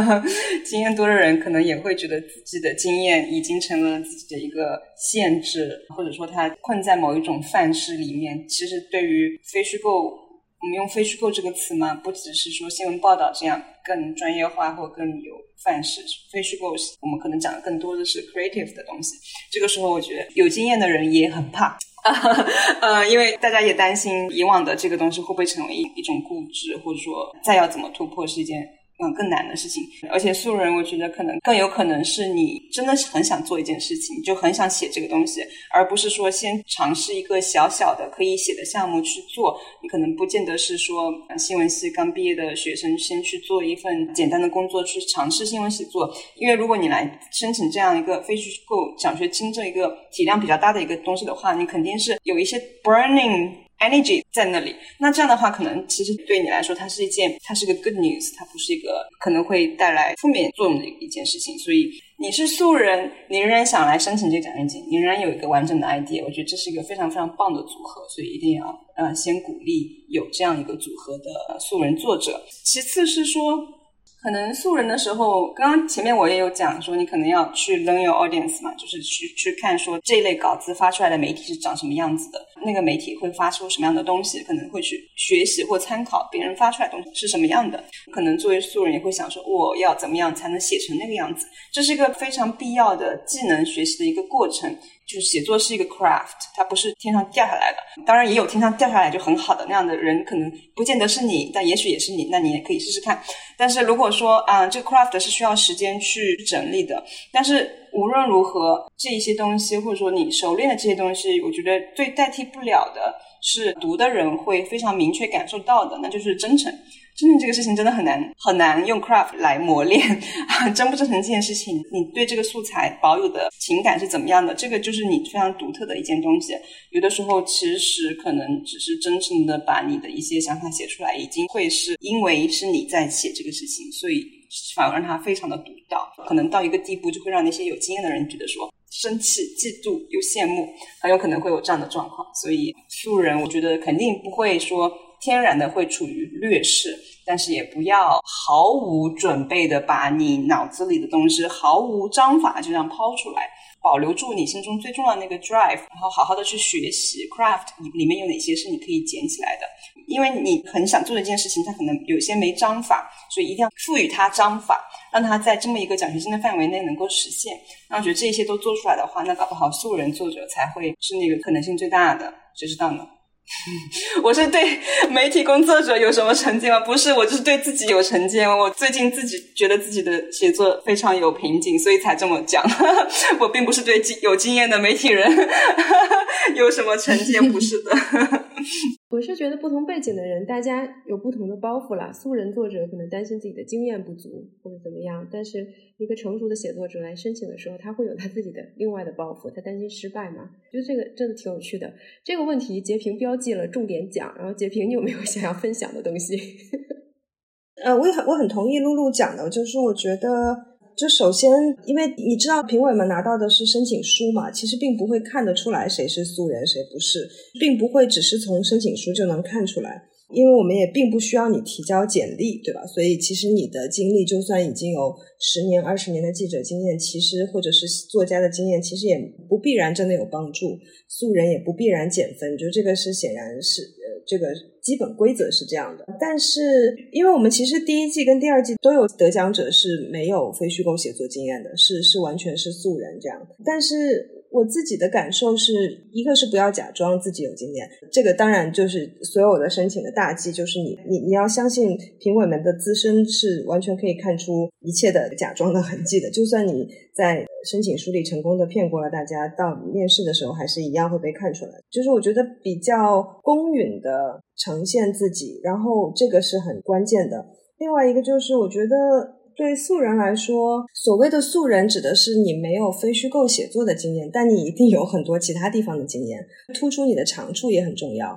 經驗多的人可能也會覺得自己的經驗已經成了自己的一個限制，或者說他困在某一種範式裡面。其實對於非虛構，我們用非虛構這個詞嘛，不只是說新聞報道這樣。更專業化或更有範式，非虛構，我們可能講的更多的是 creative 的東西。這個時候，我覺得有經驗的人也很怕，嗯、 呃，因為大家也擔心以往的這個東西會不會成為一一種固執，或者說再要怎麼突破是一件。嗯，更難的事情，而且素人，我覺得可能更有可能是你真的是很想做一件事情，就很想寫這個東西，而不是說先嘗試一個小小的可以寫的項目去做。你可能不見得是說新聞系剛畢業的學生先去做一份簡單的工作去嘗試新聞寫作，因為如果你來申請這樣一個非虛構獎學金這一個體量比較大的一個東西的話，你肯定是有一些 burning。energy 在那裡，那這樣的話，可能其實對你來說，它是一件，它是個 good news，它不是一個可能會帶來負面作用的一件事情。所以你是素人，你仍然想來申請這個獎學金，你仍然有一個完整的 idea，我覺得這是一個非常非常棒的組合。所以一定要，呃，先鼓勵有這樣一個組合的素人作者。其次是說。可能素人的時候，剛剛前面我也有講說，你可能要去 learn your audience 嘛，就是去去看說這一類稿子發出來的媒體是長什麼樣子的，那個媒體會發出什麼樣的東西，可能會去學習或參考別人發出來的東西是什麼樣的，可能作為素人也會想說，我要怎麼樣才能寫成那個樣子，這是一個非常必要的技能學習的一個過程。就是寫作是一個 craft，它不是天上掉下來的。當然也有天上掉下來就很好的那樣的人，可能不見得是你，但也許也是你，那你也可以試試看。但是如果說啊，這個 craft 是需要時間去整理的。但是無論如何，這一些東西或者說你熟練的這些東西，我覺得最代替不了的是讀的人會非常明確感受到的，那就是真誠。真誠這個事情真的很難很難用 craft 來磨練，啊，真不真誠這件事情，你對這個素材保有的情感是怎麼樣的？這個就是你非常獨特的一件東西。有的時候其實可能只是真誠的把你的一些想法寫出來，已經會是因為是你在寫這個事情，所以反而讓他非常的獨到。可能到一個地步就會讓那些有經驗的人覺得說生氣、嫉妒、又羨慕，很有可能會有這樣的狀況。所以素人我覺得肯定不會說天然的會處於劣勢。但是也不要毫無準備的把你腦子裡的東西毫無章法就這樣拋出來，保留住你心中最重要的那個 drive，然後好好的去學習 craft，裡面有哪些是你可以撿起來的，因為你很想做的一件事情，它可能有些沒章法，所以一定要賦予它章法，讓它在這麼一個獎學金的範圍內能夠實現。那我覺得這些都做出來的話，那搞不好素人作者才會是那個可能性最大的，誰知道呢？ 我是對媒體工作者有什麼成見嗎？不是，我就是對自己有成見。我最近自己覺得自己的寫作非常有瓶頸，所以才這麼講。 我並不是對經有經驗的媒體人 有什麼成見，不是的。 我是覺得不同背景的人，大家有不同的包袱了。素人作者可能擔心自己的經驗不足或者怎麼樣，但是一個成熟的寫作者來申請的時候，他會有他自己的另外的包袱，他擔心失敗嘛？我覺得這個真的挺有趣的。這個問題潔平標記了重點講，然後潔平，你有沒有想要分享的東西？ 呃，我也很我很同意露露講的，就是我覺得。就首先，因為你知道評委們拿到的是申請書嘛，其實並不會看得出來誰是素人誰不是，並不會只是從申請書就能看出來，因為我們也並不需要你提交簡歷，對吧？所以其實你的經歷就算已經有十年、二十年的記者經驗，其實或者是作家的經驗，其實也不必然真的有幫助，素人也不必然減分，就這個是顯然是呃這個。基本規則是這樣的，但是因為我們其實第一季跟第二季都有得獎者是沒有非虛構寫作經驗的，是是完全是素人這樣。但是我自己的感受是，一個是不要假裝自己有經驗，這個當然就是所有的申請的大忌，就是你你你要相信評委們的資深是完全可以看出一切的假裝的痕跡的，就算你。在申請書裡成功的騙過了大家，到你面試的時候還是一樣會被看出來。就是我覺得比較公允的呈現自己，然後這個是很關鍵的。另外一個就是，我覺得對素人來說，所謂的素人指的是你沒有非虛構寫作的經驗，但你一定有很多其他地方的經驗。突出你的長處也很重要，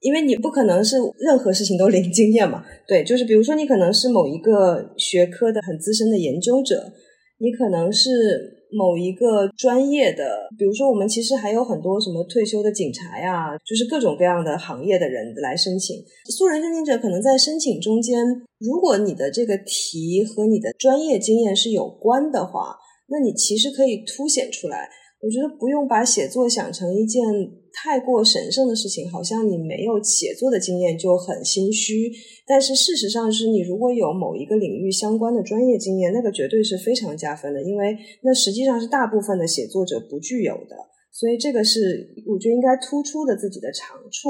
因為你不可能是任何事情都零經驗嘛。對，就是比如說你可能是某一個學科的很資深的研究者。你可能是某一個專業的，比如說我們其實還有很多什麼退休的警察呀、啊，就是各種各樣的行業的人來申請。素人申請者可能在申請中間，如果你的這個題和你的專業經驗是有關的話，那你其實可以凸顯出來。我覺得不用把寫作想成一件太過神聖的事情，好像你沒有寫作的經驗就很心虛。但是事實上是，你如果有某一個領域相關的專業經驗，那個絕對是非常加分的，因為那實際上是大部分的寫作者不具有的。所以這個是我覺得應該突出的自己的長處。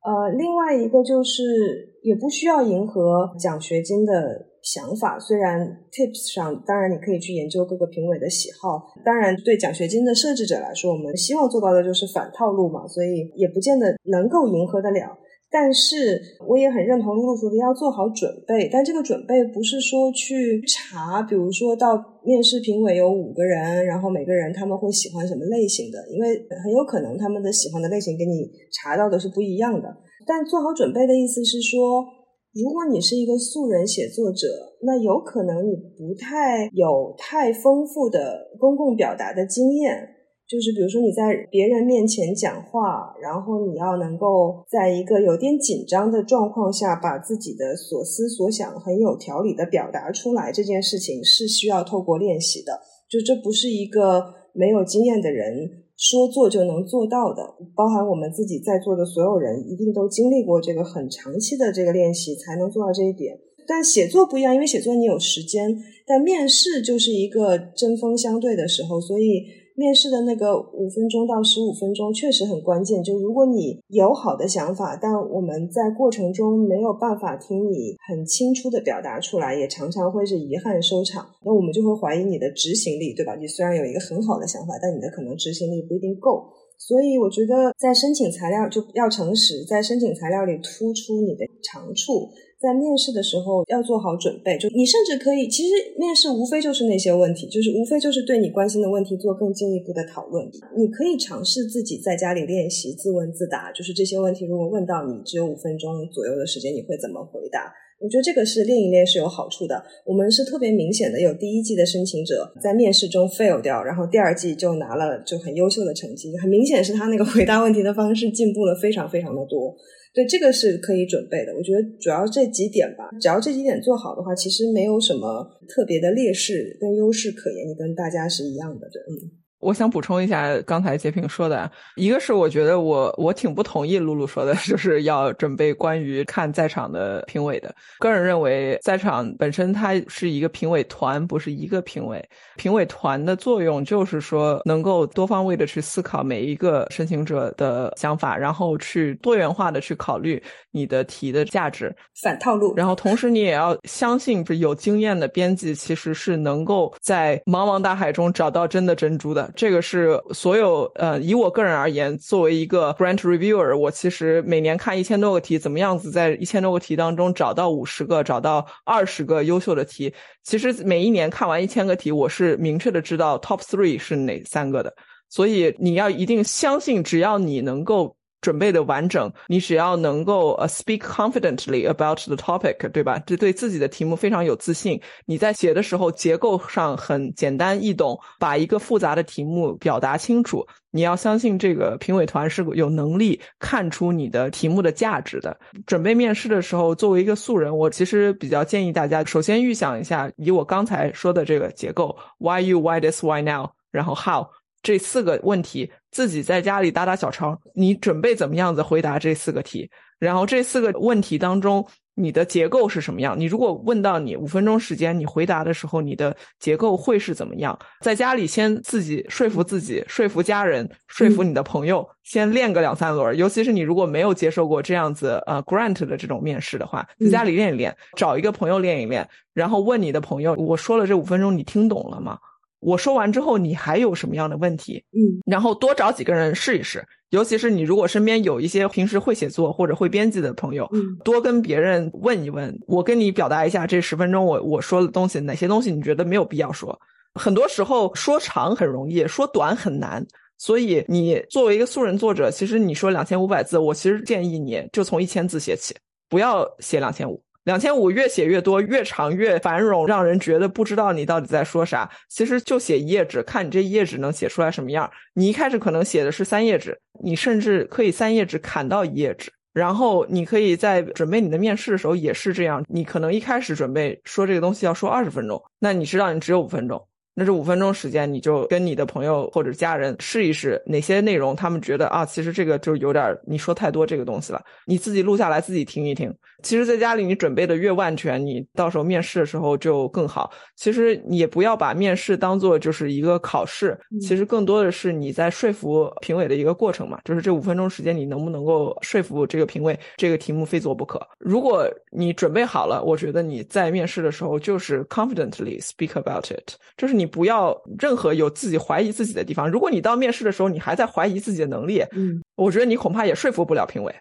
呃，另外一個就是也不需要迎合獎學金的。想法雖然 tips 上，當然你可以去研究各個評委的喜好，當然對獎學金的設置者來說，我們希望做到的就是反套路嘛，所以也不見得能夠迎合得了。但是我也很認同露露說的，要做好準備。但這個準備不是說去查，比如說到面試評委有五個人，然後每個人他們會喜歡什麼類型的，因為很有可能他們的喜歡的類型跟你查到的是不一樣的。但做好準備的意思是說。如果你是一個素人寫作者，那有可能你不太有太豐富的公共表達的經驗。就是比如說你在別人面前講話，然後你要能夠在一個有點緊張的狀況下，把自己的所思所想很有條理的表達出來，這件事情是需要透過練習的。就這不是一個沒有經驗的人。說做就能做到的，包含我們自己在座的所有人，一定都經歷過這個很長期的這個練習，才能做到這一點。但寫作不一樣，因為寫作你有時間，但面試就是一個針鋒相對的時候，所以。面試的那個五分鐘到十五分鐘確實很關鍵，就如果你有好的想法，但我們在過程中沒有辦法聽你很清楚地表達出來，也常常會是遺憾收場。那我們就會懷疑你的執行力，對吧？你雖然有一個很好的想法，但你的可能執行力不一定夠。所以我覺得在申請材料就要誠實，在申請材料裡突出你的長處。在面試的時候要做好準備，就你甚至可以，其實面試無非就是那些問題，就是無非就是對你關心的問題做更進一步的討論。你可以嘗試自己在家裡練習自問自答，就是這些問題如果問到你，只有五分鐘左右的時間，你會怎麼回答？我覺得這個是練一練是有好處的。我們是特別明顯的，有第一季的申請者在面試中 fail 掉，然後第二季就拿了就很優秀的成績，很明顯是他那個回答問題的方式進步了非常非常的多。對，這個是可以準備的。我覺得主要這幾點吧，只要這幾點做好的話，其實沒有什麼特別的劣勢跟優勢可言，也跟大家是一樣的。對嗯。我想補充一下剛才潔平說的，一個是我覺得我我挺不同意露露說的，就是要準備關於看在場的評委的。個人認為，在場本身它是一個評委團，不是一個評委。評委團的作用就是說，能夠多方位的去思考每一個申請者的想法，然後去多元化的去考慮你的題的價值。反套路。然後同時你也要相信，就是有經驗的編輯其實是能夠在茫茫大海中找到真的珍珠的。這個是所有呃，以我個人而言，作為一個 grant reviewer，我其實每年看一千多個題，怎麼樣子在一千多個題當中找到五十個，找到二十個優秀的題。其實每一年看完一千個題，我是明確的知道 top three 是哪三個的。所以你要一定相信，只要你能夠。準備的完整，你只要能夠呃 speak confidently about the topic，對吧？就對自己的題目非常有自信。你在寫的時候，結構上很簡單易懂，把一個複雜的題目表達清楚。你要相信這個評委團是有能力看出你的題目的價值的。準備面試的時候，作為一個素人，我其實比較建議大家，首先預想一下，以我剛才說的這個結構：why you，why this，why now，然後 how。這四個問題，自己在家裡打打小抄，你準備怎麼樣子回答這四個題？然後這四個問題當中，你的結構是什麼樣？你如果問到你五分鐘時間，你回答的時候，你的結構會是怎麼樣？在家裡先自己說服自己，說服家人，說服你的朋友，嗯、先練個兩三輪。尤其是你如果沒有接受過這樣子呃 grant 的這種面試的話，在家裡練一練，找一個朋友練一練，然後問你的朋友，我說了這五分鐘，你聽懂了嗎？我說完之後，你還有什麼樣的問題？嗯，然後多找幾個人試一試，尤其是你如果身邊有一些平時會寫作或者會編輯的朋友，嗯，多跟別人問一問。我跟你表達一下，這十分鐘我我說的東西，哪些東西你覺得沒有必要說？很多時候說長很容易，說短很難。所以你作為一個素人作者，其實你說兩千五百字，我其實建議你就從一千字寫起，不要寫兩千五。兩千五，越寫越多，越長越繁榮，讓人覺得不知道你到底在說啥。其實就寫一頁紙，看你這一頁紙能寫出來什麼樣。你一開始可能寫的是三頁紙，你甚至可以三頁紙砍到一頁紙。然後你可以在準備你的面試的時候也是這樣，你可能一開始準備說這個東西要說二十分鐘，那你知道你只有五分鐘，那這五分鐘時間你就跟你的朋友或者家人試一試哪些內容他們覺得啊，其實這個就有點你說太多這個東西了。你自己錄下來自己聽一聽。其實在家裡你準備的越萬全，你到時候面試的時候就更好。其實你也不要把面試當做就是一個考試，嗯。其實更多的是你在說服評委的一個過程嘛，就是這五分鐘時間你能不能夠說服這個評委，這個題目非做不可。如果你準備好了，我覺得你在面試的時候就是 confidently speak about it，就是你不要任何有自己懷疑自己的地方。如果你到面試的時候你還在懷疑自己的能力，嗯。我覺得你恐怕也說服不了評委。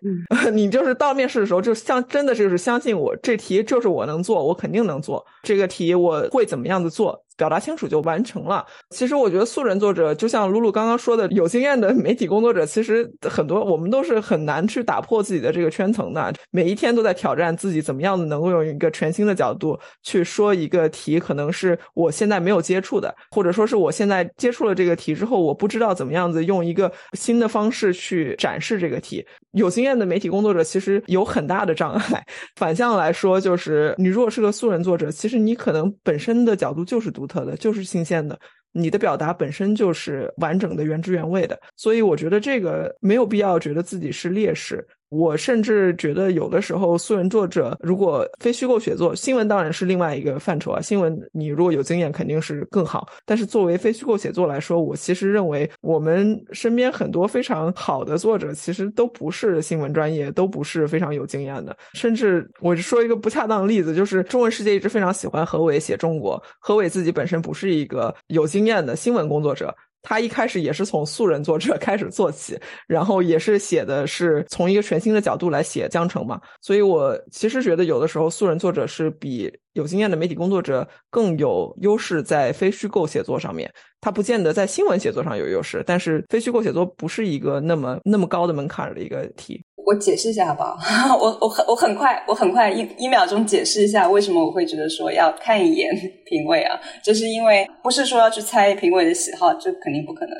你就是到面試的時候，就像真的就是相信我，這題就是我能做，我肯定能做，這個題我會怎麼樣子做。表達清楚就完成了。其實我覺得素人作者就像露露剛剛說的，有經驗的媒體工作者其實很多，我們都是很難去打破自己的這個圈層的。每一天都在挑戰自己，怎麼樣子能夠用一個全新的角度去說一個題，可能是我現在沒有接觸的，或者說是我現在接觸了這個題之後，我不知道怎麼樣子用一個新的方式去展示這個題。有經驗的媒體工作者其實有很大的障礙。反向來說，就是你如果是個素人作者，其實你可能本身的角度就是獨的就是新鮮的，你的表達本身就是完整的、原汁原味的，所以我覺得這個沒有必要覺得自己是劣勢。我甚至覺得，有的時候，素人作者如果非虛構寫作，新聞當然是另外一個範疇啊。新聞你如果有經驗，肯定是更好。但是作為非虛構寫作來說，我其實認為我們身邊很多非常好的作者，其實都不是新聞專業，都不是非常有經驗的。甚至我就說一個不恰當的例子，就是中文世界一直非常喜歡何偉寫中國，何偉自己本身不是一個有經驗的新聞工作者。他一開始也是從素人作者開始做起，然後也是寫的是從一個全新的角度來寫江城嘛，所以我其實覺得有的時候素人作者是比有經驗的媒體工作者更有優勢在非虛構寫作上面。他不見得在新聞寫作上有優勢，但是非虛構寫作不是一個那麼那麼高的門檻的一個題。我解釋一下好不好？我我我很快，我很快一一秒鐘解釋一下為什麼我會覺得說要看一眼評委啊，就是因為不是說要去猜評委的喜好，這肯定不可能。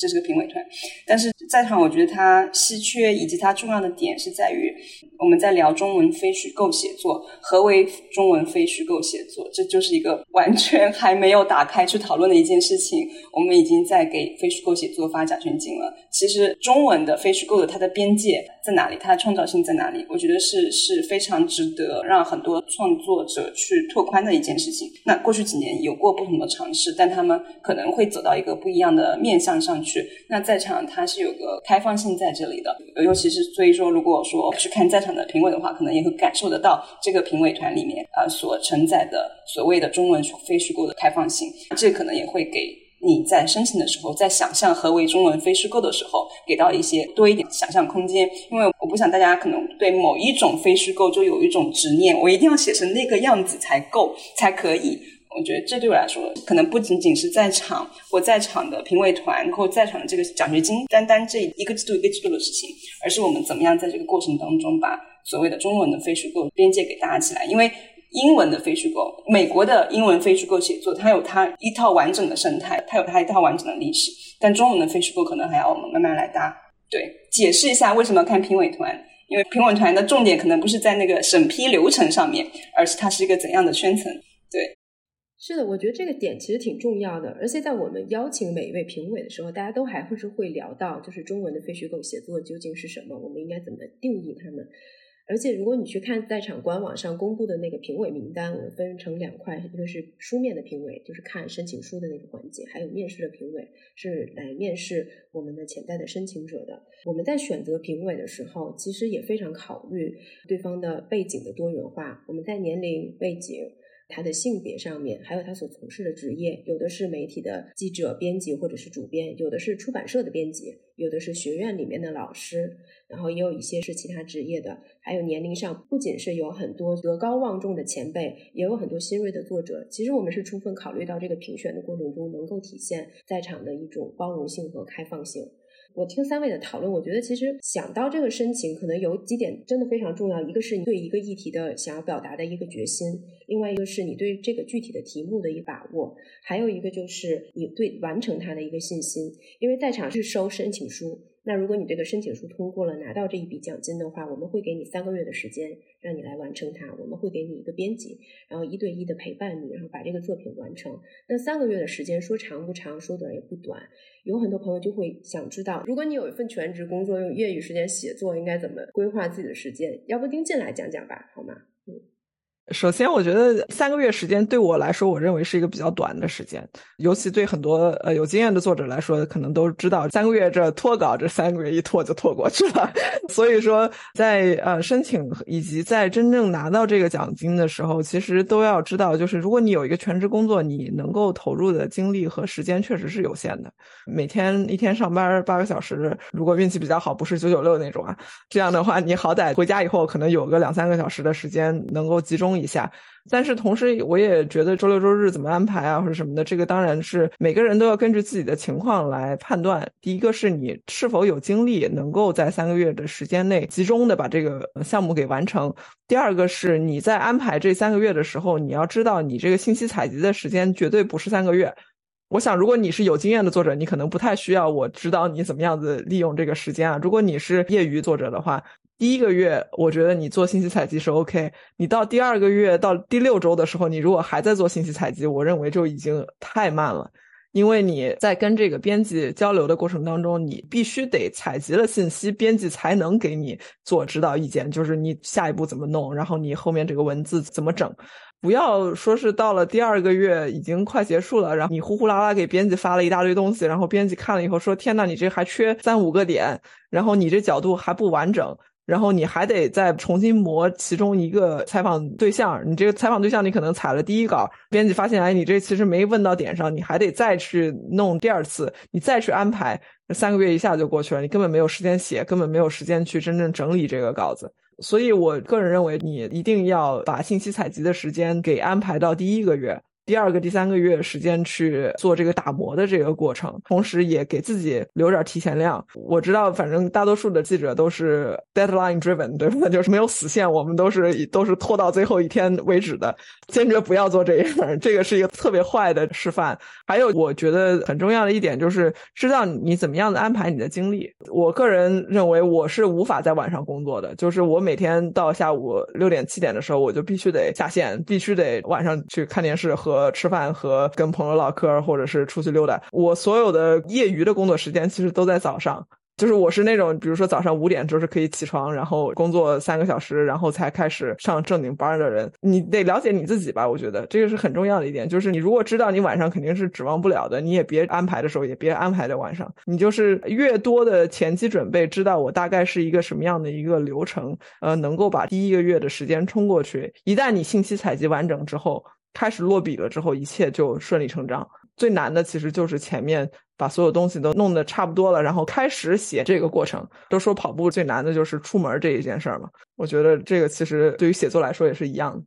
這是個評委團，但是在場，我覺得它稀缺以及它重要的點是在於，我們在聊中文非虛構寫作，何為中文非虛構寫作？這就是一個完全還沒有打開去討論的一件事情。我們已經在給非虛構寫作發獎學金了。其實中文的非虛構的它的邊界在哪裡？它的創造性在哪裡？我覺得是是非常值得讓很多創作者去拓寬的一件事情。那過去幾年有過不同的嘗試，但他們可能會走到一個不一樣的面向上去。那在場它是有個開放性在這裡的，尤其是所以說，如果說去看在場的評委的話，可能也會感受得到這個評委團裡面啊所承載的所謂的中文所非虛構的開放性，這個可能也會給你在申請的時候，在想象何為中文非虛構的時候，給到一些多一點想象空間。因為我不想大家可能對某一種非虛構就有一種執念，我一定要寫成那個樣子才夠，才可以。我覺得這對我來說，可能不僅僅是在場或在場的評委團，或在場的這個獎學金，單單這一個季度一個季度的事情，而是我們怎麼樣在這個過程當中，把所謂的中文的非虛構邊界給搭起來。因為英文的非虛構，美國的英文非虛構寫作，它有它一套完整的生態，它有它一套完整的歷史。但中文的非虛構可能還要我們慢慢來搭。對，解釋一下為什麼要看評委團，因為評委團的重點可能不是在那個審批流程上面，而是它是一個怎樣的圈層。對。是的，我覺得這個點其實挺重要的，而且在我們邀請每一位評委的時候，大家都還會是會聊到，就是中文的非虛構寫作究竟是什麼，我們應該怎麼定義他們。而且如果你去看在場官網上公布的那個評委名單，我們分成兩塊，一個是書面的評委，就是看申請書的那個環節，還有面試的評委是來面試我們的潛在的申請者的。我們在選擇評委的時候，其實也非常考慮對方的背景的多元化，我們在年齡、背景。他的性別上面，還有他所從事的職業，有的是媒體的記者、編輯或者是主編，有的是出版社的編輯，有的是學院裡面的老師，然後也有一些是其他職業的，還有年齡上，不僅是有很多德高望重的前輩，也有很多新銳的作者。其實我們是充分考慮到這個評選的過程中，能夠體現在場的一種包容性和開放性。我聽三位的討論，我覺得其實想到這個申請，可能有幾點真的非常重要。一個是你對一個議題的想要表達的一個決心，另外一個是你對這個具體的題目的一個把握，還有一個就是你對完成它的一個信心。因為在場是收申請書。那如果你這個申請書通過了，拿到這一筆獎金的話，我們會給你三個月的時間，讓你來完成它。我們會給你一個編輯，然後一對一的陪伴你，然後把這個作品完成。那三個月的時間說長不長，說短也不短。有很多朋友就會想知道，如果你有一份全職工作，用業餘時間寫作，應該怎麼規劃自己的時間？要不丁進來講講吧，好嗎？嗯。首先，我覺得三個月時間對我來說，我認為是一個比較短的時間，尤其對很多呃有經驗的作者來說，可能都知道三個月這拖稿這三個月一拖就拖過去了。所以說，在呃申請以及在真正拿到這個獎金的時候，其實都要知道，就是如果你有一個全職工作，你能夠投入的精力和時間確實是有限的。每天一天上班八個小時，如果運氣比較好，不是996那種啊，這樣的話，你好歹回家以後可能有個兩三個小時的時間能夠集中一下，但是同時我也覺得周六周日怎麼安排啊，或者什麼的，這個當然是每個人都要根據自己的情況來判斷。第一個是你是否有精力能夠在三個月的時間內集中的把這個項目給完成；第二個是你在安排這三個月的時候，你要知道你這個信息採集的時間絕對不是三個月。我想，如果你是有經驗的作者，你可能不太需要我指導你怎麼樣子利用這個時間啊；如果你是業餘作者的話。第一個月，我覺得你做信息採集是 OK。你到第二個月到第六周的時候，你如果還在做信息採集，我認為就已經太慢了。因為你在跟這個編輯交流的過程當中，你必須得採集了信息，編輯才能給你做指導意見，就是你下一步怎麼弄，然後你後面這個文字怎麼整。不要說是到了第二個月已經快結束了，然後你呼呼啦啦給編輯發了一大堆東西，然後編輯看了以後說：“天吶，你這還缺三五個點，然後你這角度還不完整。”然後你還得再重新磨其中一個採訪對象，你這個採訪對象你可能採了第一稿，編輯發現，哎，你這其實沒問到點上，你還得再去弄第二次，你再去安排，三個月一下就過去了，你根本沒有時間寫，根本沒有時間去真正整理這個稿子。所以我個人認為你一定要把信息採集的時間給安排到第一個月。第二個、第三個月時間去做這個打磨的這個過程，同時也給自己留點提前量。我知道，反正大多數的記者都是 deadline driven，對吧？就是沒有死線，我們都是都是拖到最後一天為止的，堅決不要做這一份。這個是一個特別壞的示範。還有，我覺得很重要的一點就是知道你怎麼樣的安排你的精力。我個人認為，我是無法在晚上工作的，就是我每天到下午六點、七點的時候，我就必須得下線，必須得晚上去看電視和。和吃飯和跟朋友嘮嗑，或者是出去溜達。我所有的業餘的工作時間其實都在早上，就是我是那種，比如說早上五點就是可以起床，然後工作三個小時，然後才開始上正經班的人。你得了解你自己吧，我覺得這個是很重要的一點。就是你如果知道你晚上肯定是指望不了的，你也別安排的時候也別安排在晚上。你就是越多的前期準備，知道我大概是一個什麼樣的一個流程，呃，能夠把第一個月的時間衝過去。一旦你信息採集完整之後，開始落筆了之後，一切就順理成章。最難的其實就是前面把所有東西都弄得差不多了，然後開始寫這個過程。都說跑步最難的就是出門這一件事兒嘛，我覺得這個其實對於寫作來說也是一樣的。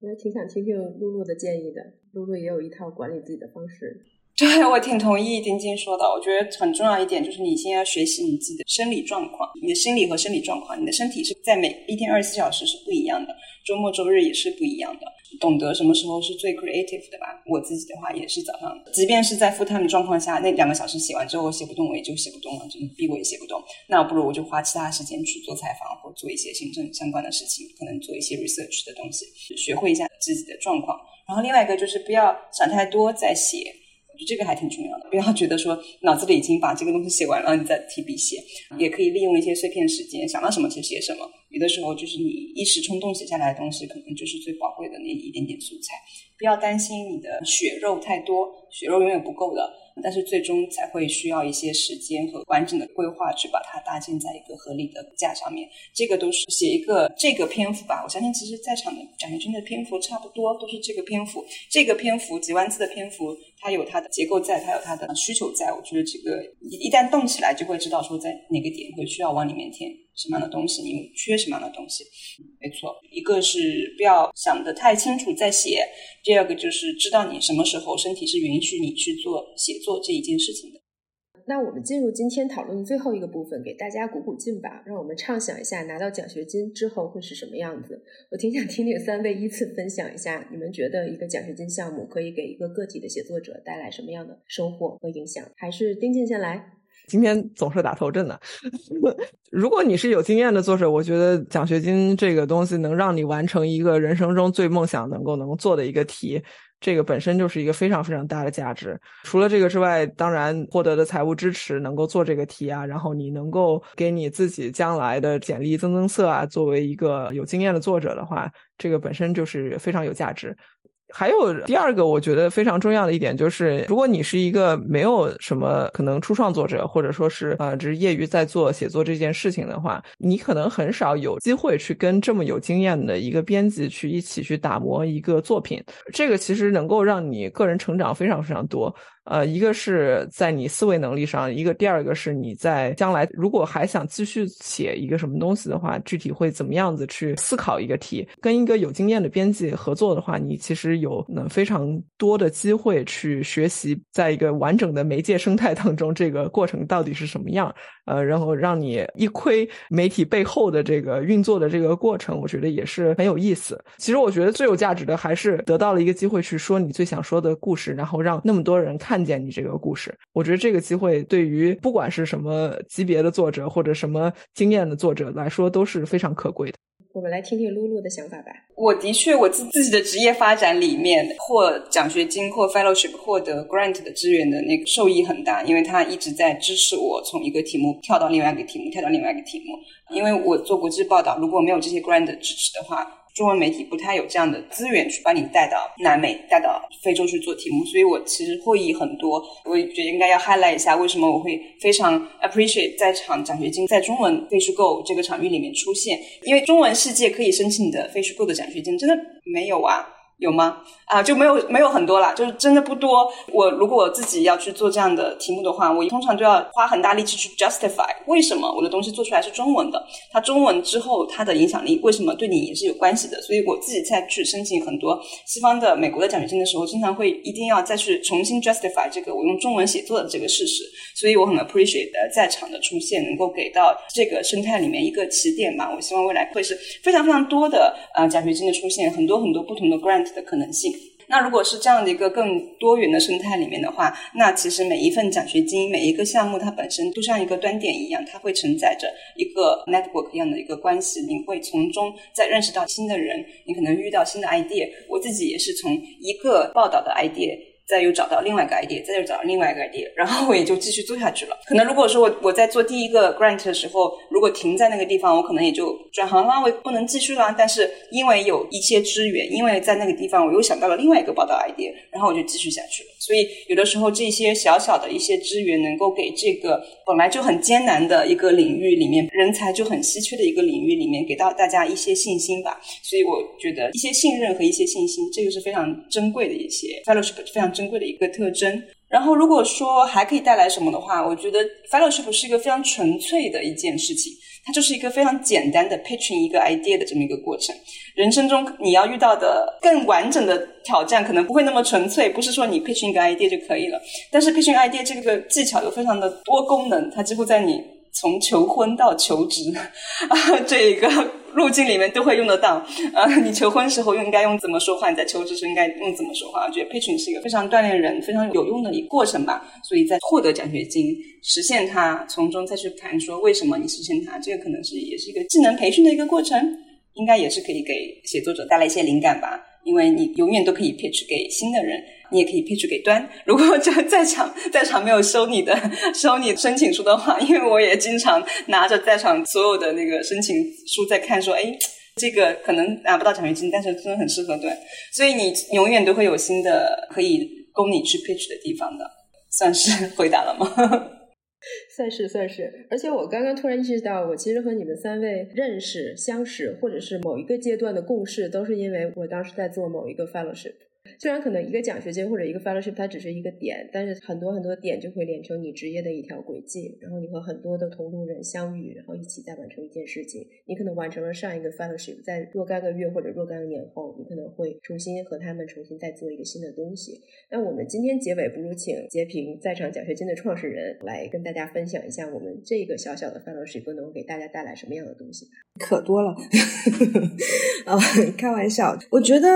我也挺想聽聽露露的建議的，露露也有一套管理自己的方式。對，我挺同意丁進說的。我覺得很重要一點就是，你先要學習你自己的生理狀況、你的心理和生理狀況。你的身體是在每一天二十四小時是不一樣的，週末、週日也是不一樣的。懂得什麼時候是最 creative 的吧？我自己的話也是早上，即便是在 full time 的狀況下，那兩個小時寫完之後，我寫不動，我也就寫不動了，真的逼我也寫不動。那我不如我就花其他時間去做採訪，或做一些行政相關的事情，可能做一些 research 的東西，學會一下自己的狀況。然後另外一個就是不要想太多，再寫。就這個還挺重要的，不要覺得說，腦子裡已經把這個東西寫完了，你再提筆寫。也可以利用一些碎片時間，想到什麼就寫什麼。有的時候就是你一時衝動寫下來的東西，可能就是最寶貴的那一點點素材。不要擔心你的血肉太多，血肉永遠不夠的，但是最終才會需要一些時間和完整的規劃去把它搭建在一個合理的骨架上面。這個都是寫一個這個篇幅吧，我相信其實在場的獎學金的篇幅差不多都是這個篇幅，這個篇幅幾萬字的篇幅。它有它的結構在，它有它的需求在。我覺得這個一一旦動起來，就會知道說在哪個點會需要往裡面填什麼樣的東西，你缺什麼樣的東西。沒錯，一個是不要想得太清楚再寫，第二個就是知道你什麼時候身體是允許你去做寫作這一件事情的。那我們進入今天討論的最後一個部分，給大家鼓鼓勁吧，讓我們暢想一下拿到獎學金之後會是什麼樣子。我挺想聽聽三位依次分享一下，你們覺得一個獎學金項目可以給一個個體的寫作者帶來什麼樣的收穫和影響？還是丁進先來。今天總是打頭陣的。 如果你是有經驗的作者，我覺得獎學金這個東西能讓你完成一個人生中最夢想能夠能夠做的一個題，這個本身就是一個非常非常大的價值。除了這個之外，當然獲得的財務支持能夠做這個題啊，然後你能夠給你自己將來的簡歷增增色啊，作為一個有經驗的作者的話，這個本身就是非常有價值。還有第二個，我覺得非常重要的一點就是，如果你是一個沒有什麼可能初創作者，或者說是啊、呃，只是業餘在做寫作這件事情的話，你可能很少有機會去跟這麼有經驗的一個編輯去一起去打磨一個作品，這個其實能夠讓你個人成長非常非常多。呃，一個是在你思維能力上，一個第二個是你在將來如果還想繼續寫一個什麼東西的話，具體會怎麼樣子去思考一個題。跟一個有經驗的編輯合作的話，你其實有能非常多的機會去學習，在一個完整的媒介生態當中，這個過程到底是什麼樣？呃，然後讓你一窺媒體背後的這個運作的這個過程，我覺得也是很有意思。其實我覺得最有價值的還是得到了一個機會去說你最想說的故事，然後讓那麼多人看。看見你這個故事，我覺得這個機會對於不管是什麼級別的作者或者什麼經驗的作者來說，都是非常可貴的。我們來聽聽露露的想法吧。我的確，我自自己的職業發展裡面獲獎學金、獲 fellowship、獲得 grant 的資源的那個受益很大，因為它一直在支持我從一個題目跳到另外一個題目，跳到另外一個題目。因為我做國際報道，如果沒有這些 grant 的支持的話，中文媒體不太有這樣的資源去把你帶到南美、帶到非洲去做題目，所以我其實獲益很多，我也覺得應該要 highlight 一下，為什麼我會非常 appreciate 在場獎學金在中文 fellowship 這個場域裡面出現，因為中文世界可以申請的 fellowship 的獎學金真的沒有啊。有嗎？啊、呃，就沒有沒有很多啦，就是真的不多。我如果我自己要去做這樣的題目的話，我通常都要花很大力氣去 justify 為什麼我的東西做出來是中文的。它中文之後它的影響力為什麼對你也是有關係的。所以我自己再去申請很多西方的美國的獎學金的時候，經常會一定要再去重新 justify 這個我用中文寫作的這個事實。所以我很 appreciate 在場的出現能夠給到這個生態裡面一個起點嘛。我希望未來會是非常非常多的呃獎學金的出現，很多很多不同的 grant。的可能性。那如果是這樣的一個更多元的生態裡面的話，那其實每一份獎學金、每一個項目，它本身都像一個端點一樣，它會承載着一個 network 一樣的一個關係。你會從中再認識到新的人，你可能遇到新的 idea。我自己也是從一個報道的 idea。再又找到另外一個 idea，再又找到另外一個 idea，然後我也就繼續做下去了。可能如果說我我在做第一個 grant 的時候，如果停在那個地方，我可能也就轉行啦，我不能繼續啦。但是因為有一些支援，因為在那個地方我又想到了另外一個報道 idea，然後我就繼續下去了。所以，有的時候這些小小的一些資源，能夠給這個本來就很艱難的一個領域裡面，人才就很稀缺的一個領域裡面，給到大家一些信心吧。所以，我覺得一些信任和一些信心，這個是非常珍貴的一些 fellowship、嗯、是非常珍貴的一個特徵。然後，如果說還可以帶來什麼的話，我覺得 fellowship 是一個非常純粹的一件事情。它就是一個非常簡單的 pitching 一個 idea 的這麼一個過程。人生中你要遇到的更完整的挑戰，可能不會那麼純粹，不是說你 pitching 一個 idea 就可以了。但是 pitching idea 這個技巧有非常的多功能，它幾乎在你。從求婚到求職，啊，這一個路徑裡面都會用得到。啊，你求婚時候應該用怎麼說話？你在求職時應該用怎麼說話？我覺得 pitching 是一個非常鍛鍊人、非常有用的一個過程吧。所以在獲得獎學金、實現它，從中再去談說，為什麼你實現它，這個可能是也是一個技能培訓的一個過程，應該也是可以給寫作者帶來一些靈感吧。因為你永遠都可以 pitch 給新的人，你也可以 pitch 給端。如果就在場在場，沒有收你的、收你申請書的話，因為我也經常拿着在場所有的那個申請書在看說，說，哎，這個可能拿不到獎學金，但是真的很適合端。所以你永遠都會有新的可以供你去 pitch 的地方的，算是回答了嗎？ 算是算是，而且我剛剛突然意識到，我其實和你們三位認識、相識，或者是某一個階段的共事，都是因為我當時在做某一個 fellowship。雖然可能一個獎學金或者一個 fellowship 它，只是一個點，但是很多很多點就會連成你職業的一條軌跡，然後你和很多的同路人相遇，然後一起在完成一件事情。你可能完成了上一個 fellowship，在若干個月或者若干個年後，你可能會重新和他們重新再做一個新的東西。那我們今天結尾，不如請截屏在場獎學金的創始人來跟大家分享一下，我們這個小小的 fellowship 能夠給大家帶來什麼樣的東西？可多了，啊、 哦，開玩笑，我覺得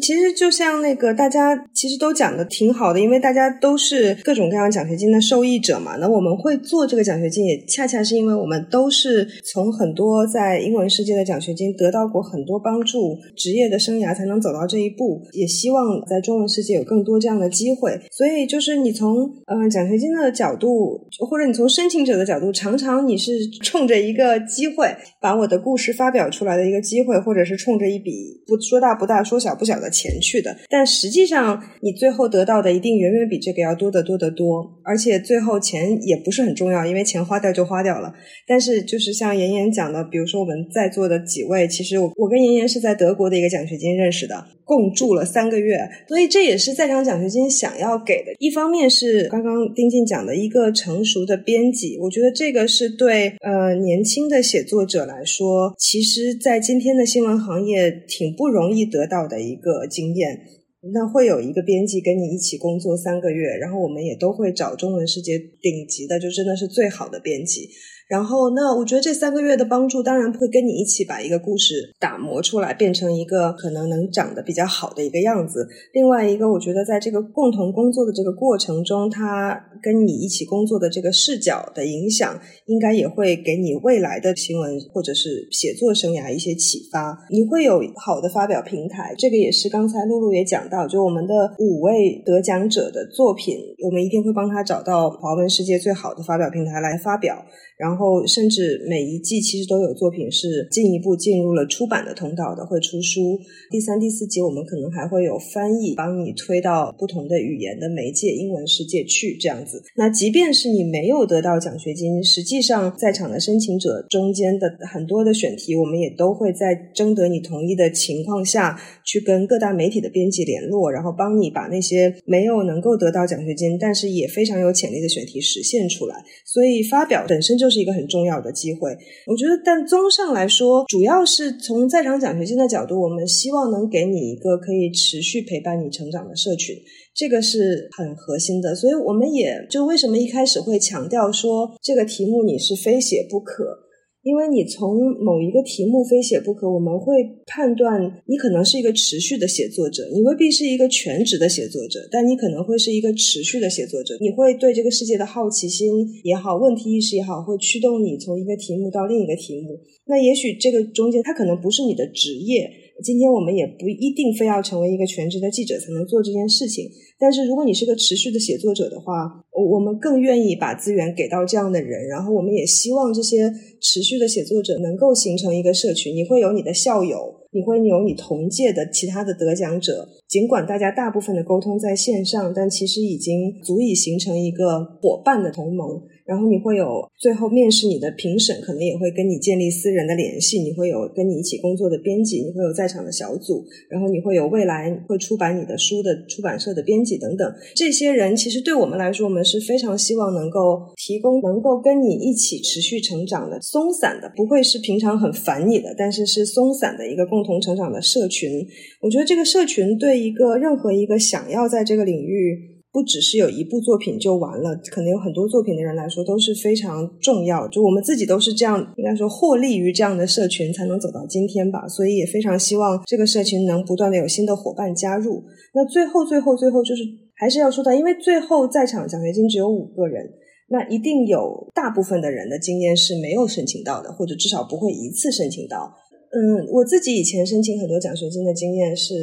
其實就像那個大家其實都講的挺好的，因為大家都是各種各樣獎學金的受益者嘛。那我們會做這個獎學金，也恰恰是因為我們都是從很多在英文世界的獎學金得到過很多幫助，職業的生涯才能走到這一步。也希望在中文世界有更多這樣的機會。所以就是你從嗯呃，獎學金的角度，或者你從申請者的角度，常常你是衝着一個機會，把我的故事發表出來的一個機會，或者是衝着一筆不說大不大，說小不小的錢去的，但。實際上，你最後得到的一定遠遠比這個要多得多得多，而且最後錢也不是很重要，因為錢花掉就花掉了。但是，就是像妍妍講的，比如說我們在座的幾位，其實我我跟妍妍是在德國的一個獎學金認識的，共住了三個月，所以這也是在場獎學金想要給的。一方面是剛剛丁進講的一個成熟的編輯，我覺得這個是對呃年輕的寫作者來說，其實在今天的新聞行業挺不容易得到的一個經驗。那會有一個編輯跟你一起工作三個月，然後我們也都會找中文世界頂級的，就真的是最好的編輯。然後，那我覺得這三個月的幫助當然會跟你一起把一個故事打磨出來，變成一個可能能長得比較好的一個樣子。另外一個，我覺得在這個共同工作的這個過程中，他跟你一起工作的這個視角的影響，應該也會給你未來的新聞或者是寫作生涯一些啟發。你會有好的發表平台，這個也是剛才露露也講到，就我們的五位得獎者的作品，我們一定會幫他找到華文世界最好的發表平台來發表，然後。然後，甚至每一季其實都有作品是進一步進入了出版的通道的，會出書。第三、第四季，我們可能還會有翻譯，幫你推到不同的語言的媒介，英文世界去這樣子。那即便是你沒有得到獎學金，實際上在場的申請者中間的很多的選題，我們也都會在徵得你同意的情況下去跟各大媒體的編輯聯絡，然後幫你把那些沒有能夠得到獎學金，但是也非常有潛力的選題實現出來。所以，發表本身就是一個很重要的機會，我覺得，但綜上來說，主要是從在場獎學金的角度，我們希望能給你一個可以持續陪伴你成長的社群，這個是很核心的。所以，我們也就為什麼一開始會強調說，這個題目你是非寫不可。因為你從某一個題目非寫不可，我們會判斷你可能是一個持續的寫作者，你未必是一個全職的寫作者，但你可能會是一個持續的寫作者。你會對這個世界的好奇心也好，問題意識也好，會驅動你從一個題目到另一個題目。那也許這個中間，它可能不是你的職業。今天我們也不一定非要成為一個全職的記者才能做這件事情，但是如果你是個持續的寫作者的話，我我們更願意把資源給到這樣的人，然後我們也希望這些持續的寫作者能夠形成一個社群，你會有你的校友，你會有你同屆的其他的得獎者。儘管大家大部分的溝通在線上，但其實已經足以形成一個夥伴的同盟。然後你會有最後面試你的評審，可能也會跟你建立私人的聯繫。你會有跟你一起工作的編輯，你會有在場的小組，然後你會有未來會出版你的書的出版社的編輯等等。這些人其實對我們來說，我們是非常希望能夠提供能夠跟你一起持續成長的鬆散的，不會是平常很煩你的，但是是鬆散的一個共同成長的社群。我覺得這個社群對。一個任何一個想要在這個領域，不只是有一部作品就完了，可能有很多作品的人來說都是非常重要。就我們自己都是這樣，應該說獲利於這樣的社群才能走到今天吧。所以也非常希望這個社群能不斷的有新的夥伴加入。那最後，最後，最後就是還是要說到，因為最後在場獎學金只有五個人，那一定有大部分的人的經驗是沒有申請到的，或者至少不會一次申請到。嗯，我自己以前申請很多獎學金的經驗是。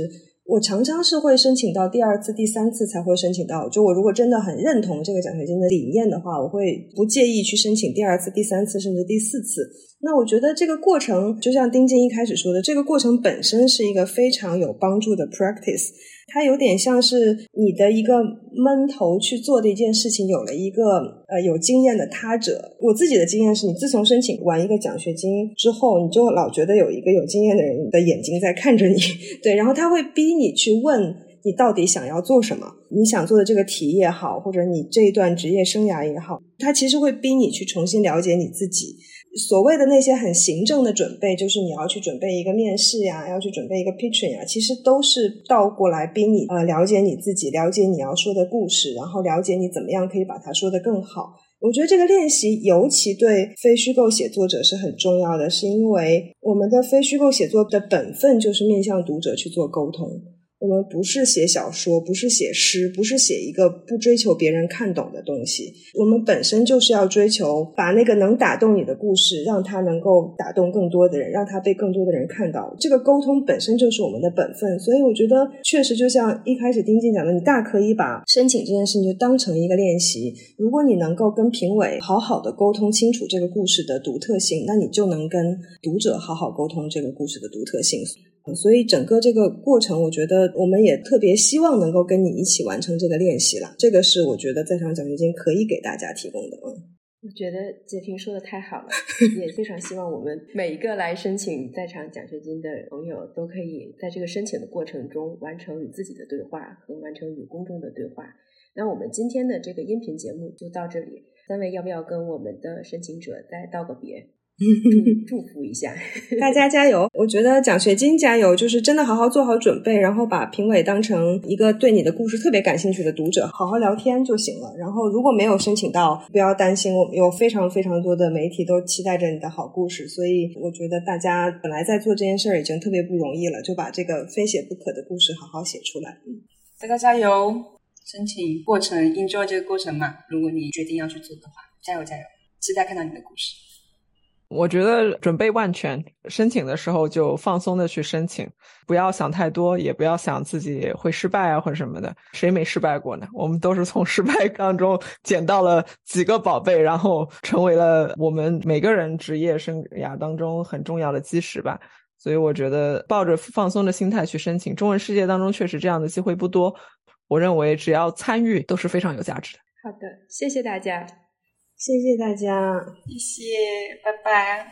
我常常是會申請到第二次、第三次才會申請到。就我如果真的很認同這個獎學金的理念的話，我會不介意去申請第二次、第三次，甚至第四次。那我覺得這個過程，就像丁進一開始說的，這個過程本身是一個非常有幫助的 practice。它有點像是你的一個悶頭去做的一件事情，有了一個呃有經驗的他者。我自己的經驗是，你自從申請完一個獎學金之後，你就老覺得有一個有經驗的人的眼睛在看着你，對，然後他會逼你去問你到底想要做什麼，你想做的這個題也好，或者你這一段職業生涯也好，他其實會逼你去重新了解你自己。所謂的那些很行政的準備，就是你要去準備一個面試呀，要去準備一個 pitching 呀，其實都是倒過來逼你呃了解你自己，了解你要說的故事，然後了解你怎麼樣可以把它說得更好。我覺得這個練習尤其對非虛構寫作者是很重要的，是因為我們的非虛構寫作的本分就是面向讀者去做溝通。我們不是寫小說，不是寫詩，不是寫一個不追求別人看懂的東西。我們本身就是要追求把那個能打動你的故事，讓它能夠打動更多的人，讓它被更多的人看到。這個溝通本身就是我們的本分，所以我覺得確實就像一開始丁進講的，你大可以把申請這件事情就當成一個練習。如果你能夠跟評委好好的溝通清楚這個故事的獨特性，那你就能跟讀者好好溝通這個故事的獨特性。所以整個這個過程，我覺得我們也特別希望能夠跟你一起完成這個練習了。這個是我覺得在場獎學金可以給大家提供的。嗯，我覺得潔平說的太好了， 也非常希望我們每一個來申請在場獎學金的朋友都可以在這個申請的過程中完成與自己的對話和完成與公眾的對話。那我們今天的這個音頻節目就到這裡，三位要不要跟我們的申請者再道個別？ 祝，祝福一下 大家加油！我覺得獎學金加油就是真的好好做好準備，然後把評委當成一個對你的故事特別感興趣的讀者，好好聊天就行了。然後如果沒有申請到，不要擔心，我們有非常非常多的媒體都期待着你的好故事，所以我覺得大家本來在做這件事兒已經特別不容易了，就把這個非寫不可的故事好好寫出來。嗯。大家加油！申請過程 enjoy 這個過程嘛，如果你決定要去做的話，加油加油！期待看到你的故事。我覺得準備萬全，申請的時候就放鬆的去申請，不要想太多，也不要想自己會失敗啊或者什麼的。誰沒失敗過呢？我們都是從失敗當中撿到了幾個寶貝，然後成為了我們每個人職業生涯當中很重要的基石吧。所以我覺得抱着放鬆的心態去申請，中文世界當中確實這樣的機會不多。我認為只要參與都是非常有價值的。好的，謝謝大家。謝謝大家，謝謝，拜拜。